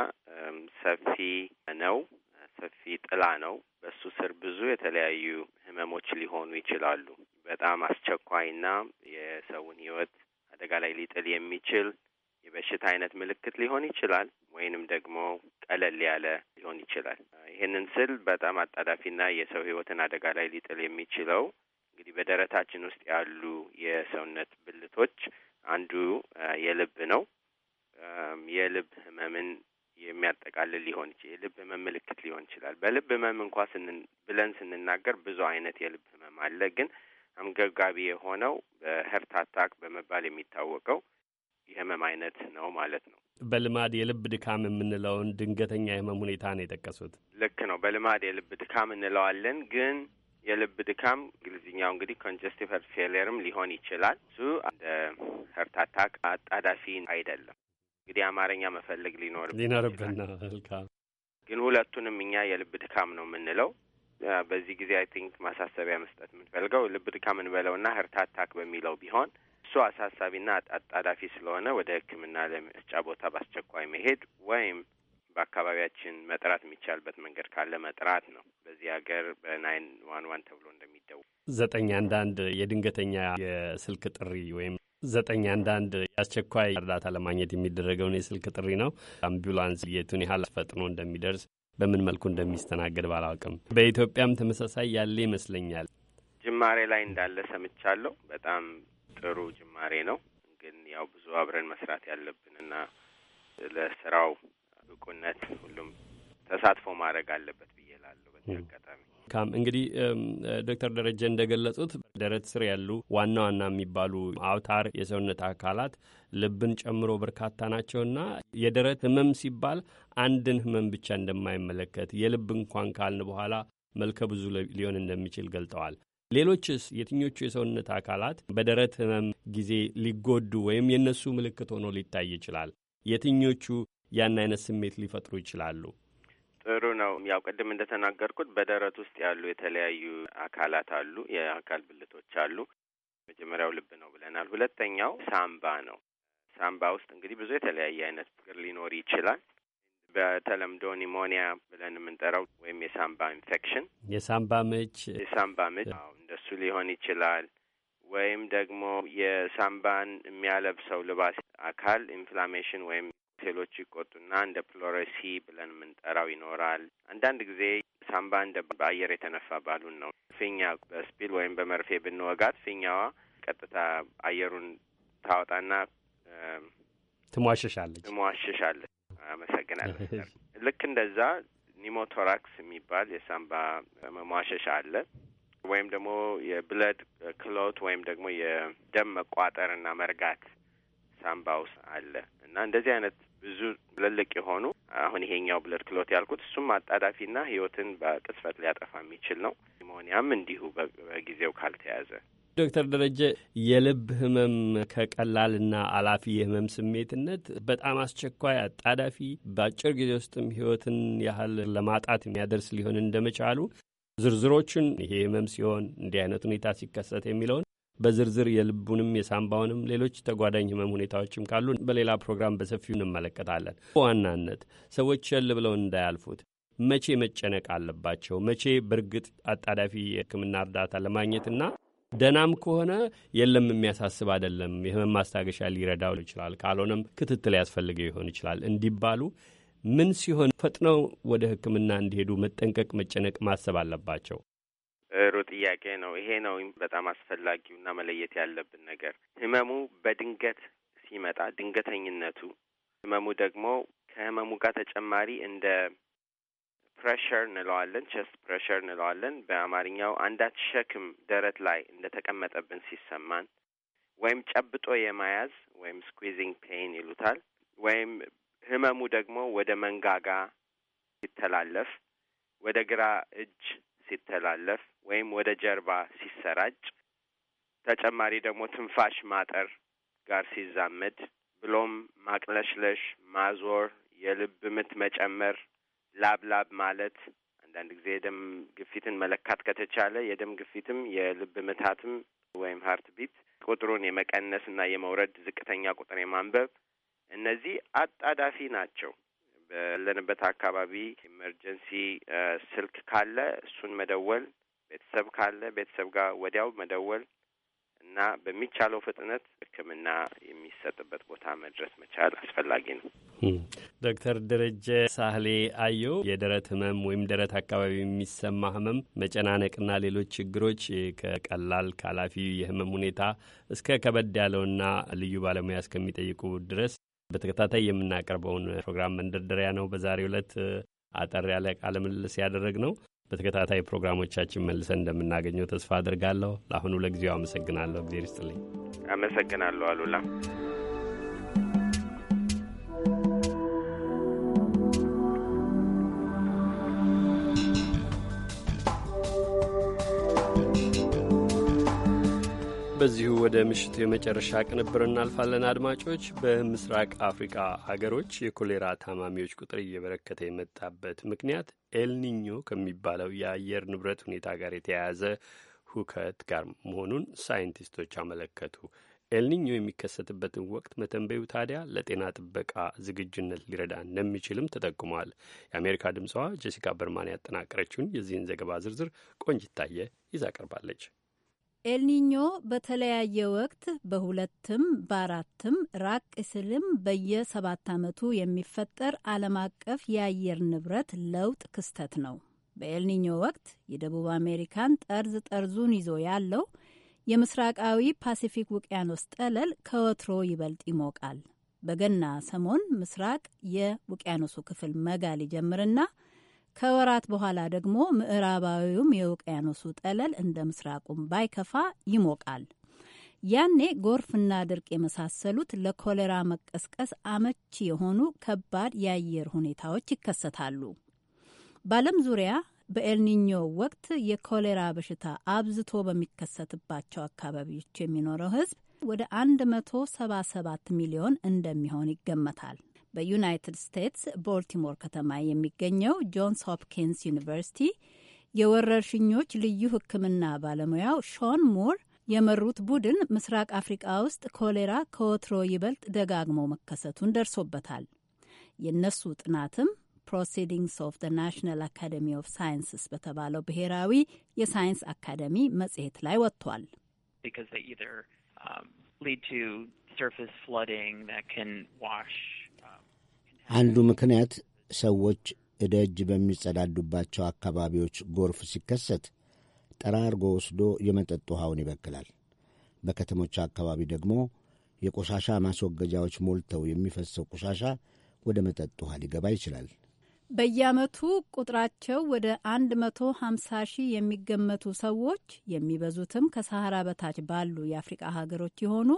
ሰፊ ነው። ሰፊ ጥላ ነው። በሱ ስር ብዙ የተለያዩ ህመሞች ሊሆኑ ይችላሉ። በጣም አስቸኳይና የሰውን ህይወት አደጋ ላይ ሊጥል የሚችል የበሽታ አይነት ምልክት ሊሆን ይችላል፣ ወይንም ደግሞ ቀለል ያለ ሊሆን ይችላል። ይህንን ስል በጣም አጣዳፊና የሰው ህይወትን አደጋ ላይ ሊጥል የሚችለው እንግዲህ በደረታችን ውስጥ ያሉ የሰውነት ብልቶች አንዱ የልብ ነው። የልብ ህመምን የሚያጠቃልል ሊሆን ይችላል። የልብ ህመም ምልክት ሊሆን ይችላል። በልብ ህመም እንኳ ስንን ብለን ስንናገር ብዙ አይነት የልብ ህመም አለ። ግን አንገብጋቢ የሆነው በህርት አታክ በመባል የሚታወቀው የህመም አይነት ነው ማለት ነው። በልማድ የልብ ድካም የምንለውን ድንገተኛ የህመም ሁኔታ ነው የጠቀሱት። ልክ ነው። በልማድ የልብ ድካም እንለዋለን ግን የልብ ድካም እንግሊዝኛው እንግዲህ ኮንጀስቲቭ ሄርት ፌሊየርም ሊሆን ይችላል። እሱ እንደ ሄርት አታክ አጣዳፊ አይደለም። እንግዲህ አማርኛ መፈለግ ሊኖር ሊኖርብና ግን ሁለቱንም እኛ የልብ ድካም ነው የምንለው። በዚህ ጊዜ አይ ቲንክ ማሳሰቢያ መስጠት የምንፈልገው ልብ ድካም እንበለውና ሄርት አታክ በሚለው ቢሆን እሱ አሳሳቢና አጣዳፊ ስለሆነ ወደ ሕክምና ለመስጫ ቦታ በአስቸኳይ መሄድ ወይም በአካባቢያችን መጥራት የሚቻልበት መንገድ ካለ መጥራት ነው። በዚህ ሀገር በናይን ዋን ዋን ተብሎ እንደሚደው ዘጠኝ አንዳንድ የድንገተኛ የስልክ ጥሪ ወይም ዘጠኝ አንዳንድ የአስቸኳይ እርዳታ ለማግኘት የሚደረገውን የስልክ ጥሪ ነው። አምቡላንስ የቱን ያህል ፈጥኖ እንደሚደርስ በምን መልኩ እንደሚስተናገድ ባላውቅም በኢትዮጵያም ተመሳሳይ ያለ ይመስለኛል። ጅማሬ ላይ እንዳለ ሰምቻለሁ። በጣም ጥሩ ጅማሬ ነው። ግን ያው ብዙ አብረን መስራት ያለብንና ለስራው ብቁነት ሁሉም ተሳትፎ ማድረግ አለበት ብዬ እላለሁ። በዚህ አጋጣሚ ካም እንግዲህ ዶክተር ደረጀ እንደገለጹት ደረት ስር ያሉ ዋና ዋና የሚባሉ አውታር የሰውነት አካላት ልብን ጨምሮ በርካታ ናቸውና የደረት ህመም ሲባል አንድን ህመም ብቻ እንደማይመለከት የልብ እንኳን ካልን በኋላ መልከ ብዙ ሊሆን እንደሚችል ገልጠዋል። ሌሎችስ የትኞቹ የሰውነት አካላት በደረት ህመም ጊዜ ሊጎዱ ወይም የእነሱ ምልክት ሆኖ ሊታይ ይችላል? የትኞቹ ያን አይነት ስሜት ሊፈጥሩ ይችላሉ። ጥሩ ነው። ያው ቅድም እንደተናገርኩት በደረት ውስጥ ያሉ የተለያዩ አካላት አሉ፣ የአካል ብልቶች አሉ። መጀመሪያው ልብ ነው ብለናል። ሁለተኛው ሳምባ ነው። ሳምባ ውስጥ እንግዲህ ብዙ የተለያየ አይነት ችግር ሊኖር ይችላል። በተለምዶ ኒሞኒያ ብለን የምንጠራው ወይም የሳምባ ኢንፌክሽን፣ የሳምባ ምች፣ የሳምባ ምች እንደሱ ሊሆን ይችላል። ወይም ደግሞ የሳምባን የሚያለብሰው ልባስ አካል ኢንፍላሜሽን ወይም ሴሎች ይቆጡና እንደ ፕሎረሲ ብለን የምንጠራው ይኖራል። አንዳንድ ጊዜ ሳምባ እንደ በአየር የተነፋ ባሉን ነው። ፊኛ በስፒል ወይም በመርፌ ብንወጋት ፊኛዋ ቀጥታ አየሩን ታወጣና ትሟሸሻለች ትሟሸሻለች። አመሰግናለሁ። (laughs) ልክ እንደዛ ኒሞቶራክስ የሚባል የሳምባ መሟሸሻ አለ። ወይም ደግሞ የብለድ ክሎት ወይም ደግሞ የደም መቋጠርና መርጋት ሳምባ ውስጥ አለ እና እንደዚህ አይነት ብዙ ትልልቅ የሆኑ አሁን ይሄኛው ብለድ ክሎት ያልኩት እሱም አጣዳፊና ህይወትን በቅጽበት ሊያጠፋ የሚችል ነው። ኒሞኒያም እንዲሁ በጊዜው ካልተያዘ። ዶክተር ደረጀ የልብ ህመም ከቀላልና አላፊ የህመም ስሜትነት በጣም አስቸኳይ አጣዳፊ፣ በአጭር ጊዜ ውስጥም ህይወትን ያህል ለማጣት የሚያደርስ ሊሆን እንደመቻሉ ዝርዝሮቹን ይሄ ህመም ሲሆን እንዲህ አይነት ሁኔታ ሲከሰት የሚለውን በዝርዝር የልቡንም የሳምባውንም ሌሎች ተጓዳኝ ህመም ሁኔታዎችም ካሉ በሌላ ፕሮግራም በሰፊው እንመለከታለን። በዋናነት ሰዎች ሸል ብለው እንዳያልፉት መቼ መጨነቅ አለባቸው? መቼ በእርግጥ አጣዳፊ የህክምና እርዳታ ለማግኘትና ደናም ከሆነ የለም የሚያሳስብ አይደለም የህመም ማስታገሻ ሊረዳው ይችላል፣ ካልሆነም ክትትል ያስፈልገው ይሆን ይችላል እንዲባሉ ምን ሲሆን ፈጥነው ወደ ህክምና እንዲሄዱ መጠንቀቅ፣ መጨነቅ፣ ማሰብ አለባቸው? ጥሩ ጥያቄ ነው። ይሄ ነው በጣም አስፈላጊውና መለየት ያለብን ነገር። ህመሙ በድንገት ሲመጣ ድንገተኝነቱ፣ ህመሙ ደግሞ ከህመሙ ጋር ተጨማሪ እንደ ፕሬሸር እንለዋለን፣ ቸስት ፕሬሸር እንለዋለን በአማርኛው። አንዳች ሸክም ደረት ላይ እንደተቀመጠብን ሲሰማን ወይም ጨብጦ የመያዝ ወይም ስኩዊዚንግ ፔን ይሉታል ወይም ህመሙ ደግሞ ወደ መንጋጋ ሲተላለፍ ወደ ግራ እጅ ሲተላለፍ ወይም ወደ ጀርባ ሲሰራጭ፣ ተጨማሪ ደግሞ ትንፋሽ ማጠር ጋር ሲዛመድ፣ ብሎም ማቅለሽለሽ፣ ማዞር፣ የልብ ምት መጨመር፣ ላብላብ ማለት አንዳንድ ጊዜ የደም ግፊትን መለካት ከተቻለ የደም ግፊትም የልብ ምታትም ወይም ሀርት ቢት ቁጥሩን የመቀነስና የመውረድ ዝቅተኛ ቁጥር የማንበብ እነዚህ አጣዳፊ ናቸው። ባለንበት አካባቢ ኢመርጀንሲ ስልክ ካለ እሱን መደወል፣ ቤተሰብ ካለ ቤተሰብ ጋር ወዲያው መደወል እና በሚቻለው ፍጥነት ሕክምና የሚሰጥበት ቦታ መድረስ መቻል አስፈላጊ ነው። ዶክተር ደረጀ ሳህሌ አየው የደረት ህመም ወይም ደረት አካባቢ የሚሰማ ህመም መጨናነቅና ሌሎች ችግሮች ከቀላል ካላፊ የህመም ሁኔታ እስከ ከበድ ያለውና ልዩ ባለሙያ እስከሚጠይቁ ድረስ በተከታታይ የምናቀርበውን ፕሮግራም መንደርደሪያ ነው። በዛሬ ዕለት አጠር ያለ ቃለ ምልልስ ያደረግ ነው። በተከታታይ ፕሮግራሞቻችን መልሰን እንደምናገኘው ተስፋ አድርጋለሁ። ለአሁኑ ለጊዜው አመሰግናለሁ። እግዜር ይስጥልኝ። አመሰግናለሁ አሉላ። በዚሁ ወደ ምሽቱ የመጨረሻ ቅንብር እናልፋለን። አድማጮች፣ በምስራቅ አፍሪካ ሀገሮች የኮሌራ ታማሚዎች ቁጥር እየበረከተ የመጣበት ምክንያት ኤልኒኞ ከሚባለው የአየር ንብረት ሁኔታ ጋር የተያያዘ ሁከት ጋር መሆኑን ሳይንቲስቶች አመለከቱ። ኤልኒኞ የሚከሰትበትን ወቅት መተንበዩ ታዲያ ለጤና ጥበቃ ዝግጁነት ሊረዳ እንደሚችልም ተጠቁሟል። የአሜሪካ ድምፅዋ ጀሲካ በርማን ያጠናቀረችውን የዚህን ዘገባ ዝርዝር ቆንጅታየ ይዛ ቀርባለች። ኤልኒኞ በተለያየ ወቅት በሁለትም በአራትም ራቅ ስልም በየሰባት ዓመቱ የሚፈጠር ዓለም አቀፍ የአየር ንብረት ለውጥ ክስተት ነው። በኤልኒኞ ወቅት የደቡብ አሜሪካን ጠርዝ ጠርዙን ይዞ ያለው የምስራቃዊ ፓሲፊክ ውቅያኖስ ጠለል ከወትሮ ይበልጥ ይሞቃል። በገና ሰሞን ምስራቅ የውቅያኖሱ ክፍል መጋል ይጀምርና ከወራት በኋላ ደግሞ ምዕራባዊውም የውቅያኖሱ ጠለል እንደ ምስራቁም ባይከፋ ይሞቃል። ያኔ ጎርፍና ድርቅ የመሳሰሉት ለኮሌራ መቀስቀስ አመቺ የሆኑ ከባድ የአየር ሁኔታዎች ይከሰታሉ። በዓለም ዙሪያ በኤልኒኞ ወቅት የኮሌራ በሽታ አብዝቶ በሚከሰትባቸው አካባቢዎች የሚኖረው ሕዝብ ወደ 177 ሚሊዮን እንደሚሆን ይገመታል። በዩናይትድ ስቴትስ ቦልቲሞር ከተማ የሚገኘው ጆንስ ሆፕኪንስ ዩኒቨርሲቲ የወረርሽኞች ልዩ ሕክምና ባለሙያው ሾን ሙር የመሩት ቡድን ምስራቅ አፍሪቃ ውስጥ ኮሌራ ከወትሮ ይበልጥ ደጋግሞ መከሰቱን ደርሶበታል። የእነሱ ጥናትም ፕሮሲዲንግስ ኦፍ ደ ናሽናል አካደሚ ኦፍ ሳይንስስ በተባለው ብሔራዊ የሳይንስ አካደሚ መጽሔት ላይ ወጥቷል። ሊድ ቱ ሰርፌስ ፍሎዲንግ ዋሽ አንዱ ምክንያት ሰዎች እደ እጅ በሚጸዳዱባቸው አካባቢዎች ጎርፍ ሲከሰት ጠራርጎ ወስዶ የመጠጥ ውሃውን ይበክላል። በከተሞች አካባቢ ደግሞ የቆሻሻ ማስወገጃዎች ሞልተው የሚፈሰው ቆሻሻ ወደ መጠጥ ውሃ ሊገባ ይችላል። በየዓመቱ ቁጥራቸው ወደ 150 ሺህ የሚገመቱ ሰዎች የሚበዙትም ከሰሃራ በታች ባሉ የአፍሪቃ ሀገሮች የሆኑ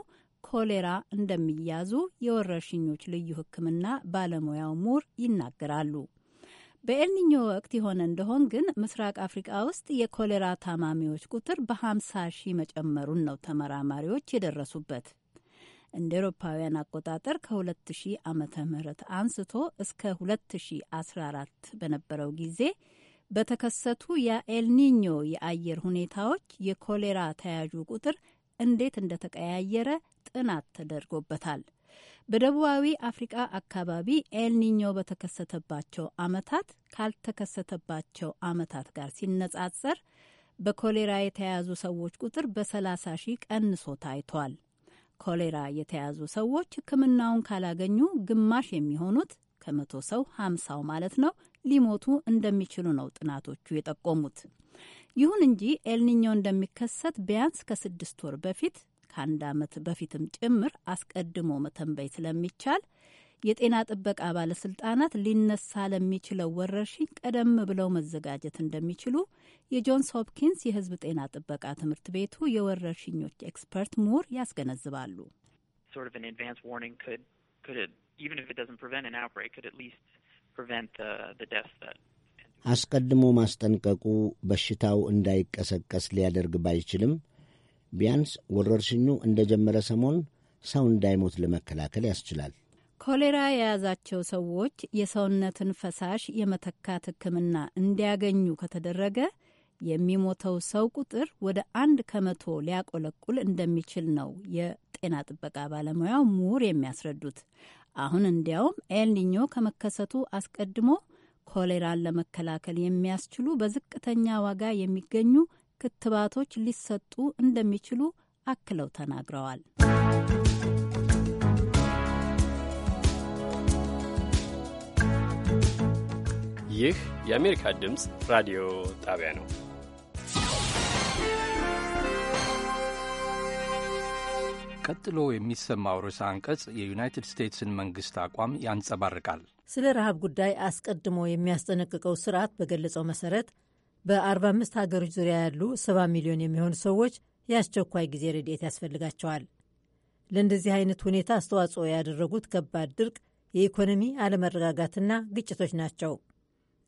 ኮሌራ እንደሚያዙ የወረርሽኞች ልዩ ሕክምና ባለሙያው ሙር ይናገራሉ። በኤልኒኞ ወቅት የሆነ እንደሆን ግን ምስራቅ አፍሪቃ ውስጥ የኮሌራ ታማሚዎች ቁጥር በ50 ሺህ መጨመሩን ነው ተመራማሪዎች የደረሱበት። እንደ ኤሮፓውያን አቆጣጠር ከ2000 ዓመተ ምህረት አንስቶ እስከ 2014 በነበረው ጊዜ በተከሰቱ የኤልኒኞ የአየር ሁኔታዎች የኮሌራ ተያዡ ቁጥር እንዴት እንደተቀያየረ ጥናት ተደርጎበታል። በደቡባዊ አፍሪቃ አካባቢ ኤልኒኞ በተከሰተባቸው አመታት ካልተከሰተባቸው አመታት ጋር ሲነጻጸር በኮሌራ የተያዙ ሰዎች ቁጥር በ30 ሺህ ቀንሶ ታይቷል። ኮሌራ የተያዙ ሰዎች ሕክምናውን ካላገኙ ግማሽ የሚሆኑት ከመቶ ሰው ሀምሳው ማለት ነው ሊሞቱ እንደሚችሉ ነው ጥናቶቹ የጠቆሙት። ይሁን እንጂ ኤልኒኞ እንደሚከሰት ቢያንስ ከስድስት ወር በፊት ከአንድ ዓመት በፊትም ጭምር አስቀድሞ መተንበይ ስለሚቻል የጤና ጥበቃ ባለስልጣናት ሊነሳ ለሚችለው ወረርሽኝ ቀደም ብለው መዘጋጀት እንደሚችሉ የጆንስ ሆፕኪንስ የሕዝብ ጤና ጥበቃ ትምህርት ቤቱ የወረርሽኞች ኤክስፐርት ሙር ያስገነዝባሉ። አስቀድሞ ማስጠንቀቁ በሽታው እንዳይቀሰቀስ ሊያደርግ ባይችልም ቢያንስ ወረርሽኙ እንደ ጀመረ ሰሞን ሰው እንዳይሞት ለመከላከል ያስችላል። ኮሌራ የያዛቸው ሰዎች የሰውነትን ፈሳሽ የመተካት ሕክምና እንዲያገኙ ከተደረገ የሚሞተው ሰው ቁጥር ወደ አንድ ከመቶ ሊያቆለቁል እንደሚችል ነው የጤና ጥበቃ ባለሙያው ሙር የሚያስረዱት። አሁን እንዲያውም ኤልኒኞ ከመከሰቱ አስቀድሞ ኮሌራን ለመከላከል የሚያስችሉ በዝቅተኛ ዋጋ የሚገኙ ክትባቶች ሊሰጡ እንደሚችሉ አክለው ተናግረዋል። ይህ የአሜሪካ ድምፅ ራዲዮ ጣቢያ ነው። ቀጥሎ የሚሰማው ርዕሰ አንቀጽ የዩናይትድ ስቴትስን መንግሥት አቋም ያንጸባርቃል። ስለ ረሃብ ጉዳይ አስቀድሞ የሚያስጠነቅቀው ስርዓት በገለጸው መሰረት በ45 ሀገሮች ዙሪያ ያሉ 70 ሚሊዮን የሚሆኑ ሰዎች የአስቸኳይ ጊዜ ረድኤት ያስፈልጋቸዋል። ለእንደዚህ አይነት ሁኔታ አስተዋጽኦ ያደረጉት ከባድ ድርቅ፣ የኢኮኖሚ አለመረጋጋትና ግጭቶች ናቸው።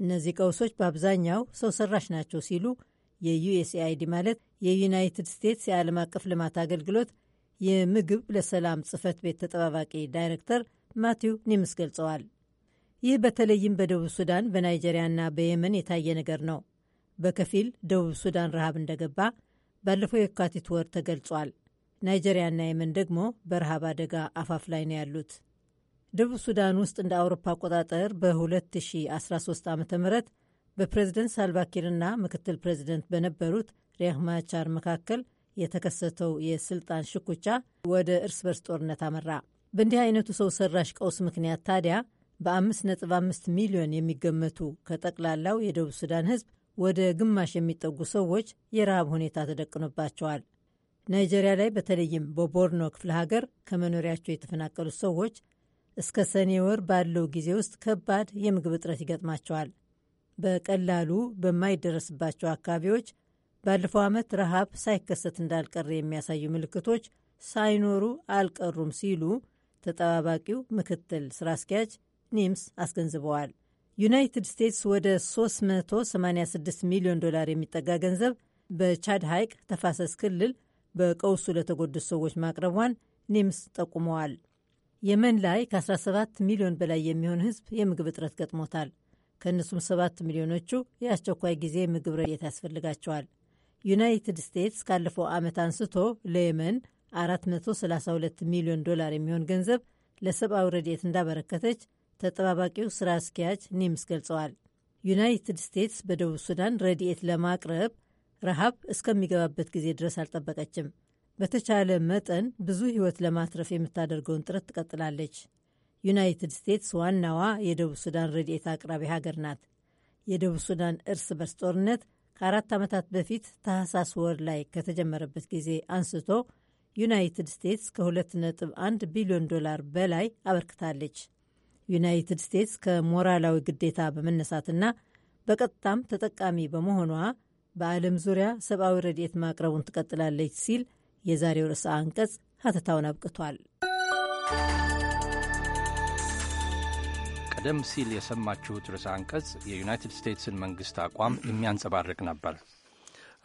እነዚህ ቀውሶች በአብዛኛው ሰው ሰራሽ ናቸው ሲሉ የዩኤስኤአይዲ ማለት የዩናይትድ ስቴትስ የዓለም አቀፍ ልማት አገልግሎት የምግብ ለሰላም ጽህፈት ቤት ተጠባባቂ ዳይሬክተር ማቲው ኒምስ ገልጸዋል። ይህ በተለይም በደቡብ ሱዳን፣ በናይጄሪያና በየመን የታየ ነገር ነው። በከፊል ደቡብ ሱዳን ረሃብ እንደገባ ባለፈው የካቲት ወር ተገልጿል። ናይጄሪያና የመን ደግሞ በረሃብ አደጋ አፋፍ ላይ ነው ያሉት። ደቡብ ሱዳን ውስጥ እንደ አውሮፓ አቆጣጠር በ2013 ዓ ም በፕሬዝደንት ሳልቫኪርና ምክትል ፕሬዝደንት በነበሩት ሪያህ ማቻር መካከል የተከሰተው የስልጣን ሽኩቻ ወደ እርስ በርስ ጦርነት አመራ። በእንዲህ አይነቱ ሰው ሰራሽ ቀውስ ምክንያት ታዲያ በ5.5 ሚሊዮን የሚገመቱ ከጠቅላላው የደቡብ ሱዳን ህዝብ ወደ ግማሽ የሚጠጉ ሰዎች የረሃብ ሁኔታ ተደቅኖባቸዋል። ናይጄሪያ ላይ በተለይም በቦርኖ ክፍለ ሀገር ከመኖሪያቸው የተፈናቀሉት ሰዎች እስከ ሰኔ ወር ባለው ጊዜ ውስጥ ከባድ የምግብ እጥረት ይገጥማቸዋል። በቀላሉ በማይደረስባቸው አካባቢዎች ባለፈው ዓመት ረሃብ ሳይከሰት እንዳልቀረ የሚያሳዩ ምልክቶች ሳይኖሩ አልቀሩም ሲሉ ተጠባባቂው ምክትል ስራ አስኪያጅ ኒምስ አስገንዝበዋል። ዩናይትድ ስቴትስ ወደ 386 ሚሊዮን ዶላር የሚጠጋ ገንዘብ በቻድ ሐይቅ ተፋሰስ ክልል በቀውሱ ለተጎዱ ሰዎች ማቅረቧን ኒምስ ጠቁመዋል። የመን ላይ ከ17 ሚሊዮን በላይ የሚሆን ሕዝብ የምግብ እጥረት ገጥሞታል። ከእነሱም 7 ሚሊዮኖቹ የአስቸኳይ ጊዜ ምግብ ረድኤት ያስፈልጋቸዋል። ዩናይትድ ስቴትስ ካለፈው ዓመት አንስቶ ለየመን 432 ሚሊዮን ዶላር የሚሆን ገንዘብ ለሰብአዊ ረድኤት እንዳበረከተች ተጠባባቂው ስራ አስኪያጅ ኒምስ ገልጸዋል። ዩናይትድ ስቴትስ በደቡብ ሱዳን ረድኤት ለማቅረብ ረሃብ እስከሚገባበት ጊዜ ድረስ አልጠበቀችም። በተቻለ መጠን ብዙ ሕይወት ለማትረፍ የምታደርገውን ጥረት ትቀጥላለች። ዩናይትድ ስቴትስ ዋናዋ የደቡብ ሱዳን ረድኤት አቅራቢ ሀገር ናት። የደቡብ ሱዳን እርስ በርስ ጦርነት ከአራት ዓመታት በፊት ታህሳስ ወር ላይ ከተጀመረበት ጊዜ አንስቶ ዩናይትድ ስቴትስ ከ2.1 ቢሊዮን ዶላር በላይ አበርክታለች። ዩናይትድ ስቴትስ ከሞራላዊ ግዴታ በመነሳትና በቀጥታም ተጠቃሚ በመሆኗ በዓለም ዙሪያ ሰብአዊ ረድኤት ማቅረቡን ትቀጥላለች ሲል የዛሬው ርዕሰ አንቀጽ ሀተታውን አብቅቷል። ቀደም ሲል የሰማችሁት ርዕሰ አንቀጽ የዩናይትድ ስቴትስን መንግስት አቋም የሚያንጸባርቅ ነበር።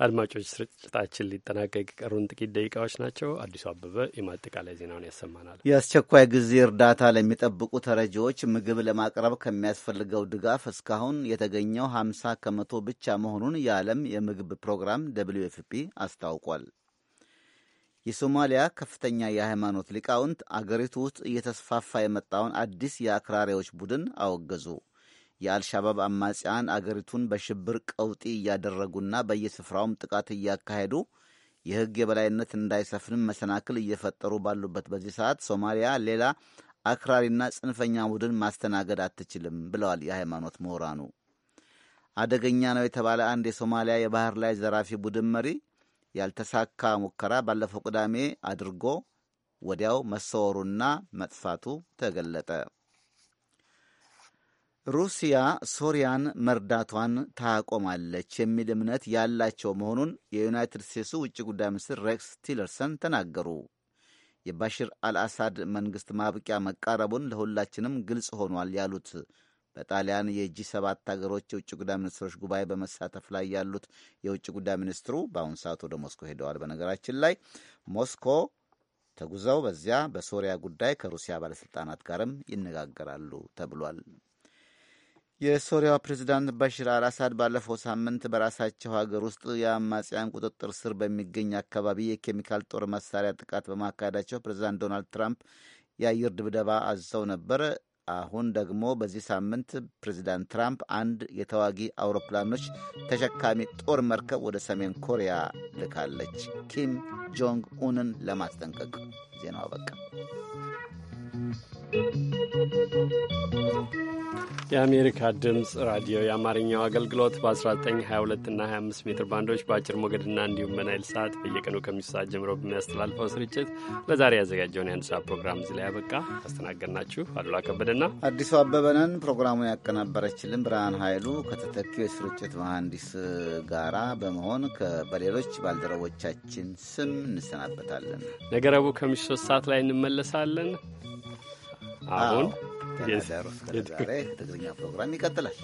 አድማጮች ስርጭታችን ሊጠናቀቅ የቀሩን ጥቂት ደቂቃዎች ናቸው። አዲሱ አበበ የማጠቃላይ ዜናውን ያሰማናል። የአስቸኳይ ጊዜ እርዳታ ለሚጠብቁ ተረጂዎች ምግብ ለማቅረብ ከሚያስፈልገው ድጋፍ እስካሁን የተገኘው 50 ከመቶ ብቻ መሆኑን የዓለም የምግብ ፕሮግራም ደብልዩ ኤፍ ፒ አስታውቋል። የሶማሊያ ከፍተኛ የሃይማኖት ሊቃውንት አገሪቱ ውስጥ እየተስፋፋ የመጣውን አዲስ የአክራሪዎች ቡድን አወገዙ። የአልሻባብ አማጽያን አገሪቱን በሽብር ቀውጢ እያደረጉና በየስፍራውም ጥቃት እያካሄዱ የሕግ የበላይነት እንዳይሰፍንም መሰናክል እየፈጠሩ ባሉበት በዚህ ሰዓት ሶማሊያ ሌላ አክራሪና ጽንፈኛ ቡድን ማስተናገድ አትችልም ብለዋል የሃይማኖት ምሁራኑ። አደገኛ ነው የተባለ አንድ የሶማሊያ የባህር ላይ ዘራፊ ቡድን መሪ ያልተሳካ ሙከራ ባለፈው ቅዳሜ አድርጎ ወዲያው መሰወሩና መጥፋቱ ተገለጠ። ሩሲያ ሶሪያን መርዳቷን ታቆማለች የሚል እምነት ያላቸው መሆኑን የዩናይትድ ስቴትሱ ውጭ ጉዳይ ሚኒስትር ሬክስ ቲለርሰን ተናገሩ። የባሽር አልአሳድ መንግሥት ማብቂያ መቃረቡን ለሁላችንም ግልጽ ሆኗል ያሉት በጣሊያን የጂ ሰባት ሀገሮች የውጭ ጉዳይ ሚኒስትሮች ጉባኤ በመሳተፍ ላይ ያሉት የውጭ ጉዳይ ሚኒስትሩ በአሁኑ ሰዓት ወደ ሞስኮ ሄደዋል። በነገራችን ላይ ሞስኮ ተጉዘው በዚያ በሶሪያ ጉዳይ ከሩሲያ ባለሥልጣናት ጋርም ይነጋገራሉ ተብሏል። የሶሪያው ፕሬዚዳንት ባሽር አልአሳድ ባለፈው ሳምንት በራሳቸው ሀገር ውስጥ የአማጽያን ቁጥጥር ስር በሚገኝ አካባቢ የኬሚካል ጦር መሳሪያ ጥቃት በማካሄዳቸው ፕሬዚዳንት ዶናልድ ትራምፕ የአየር ድብደባ አዝሰው ነበር። አሁን ደግሞ በዚህ ሳምንት ፕሬዚዳንት ትራምፕ አንድ የተዋጊ አውሮፕላኖች ተሸካሚ ጦር መርከብ ወደ ሰሜን ኮሪያ ልካለች፣ ኪም ጆንግ ኡንን ለማስጠንቀቅ። ዜናው አበቃ። የአሜሪካ ድምፅ ራዲዮ የአማርኛው አገልግሎት በ1922 እና 25 ሜትር ባንዶች በአጭር ሞገድና እንዲሁም በናይል ሰዓት በየቀኑ ከሚስ ሰዓት ጀምሮ በሚያስተላልፈው ስርጭት ለዛሬ ያዘጋጀውን የአንድ ሰዓት ፕሮግራም እዚህ ላይ ያበቃ። ያስተናገድናችሁ አሉላ ከበደና አዲሱ አበበነን። ፕሮግራሙን ያቀናበረችልን ብርሃን ኃይሉ ከተተኪው የስርጭት መሐንዲስ ጋራ በመሆን በሌሎች ባልደረቦቻችን ስም እንሰናበታለን። ነገ ረቡዕ ከምሽቱ ሶስት ሰዓት ላይ እንመለሳለን። አሁን ስለዛሬ ትግርኛ ፕሮግራም ይቀጥላል።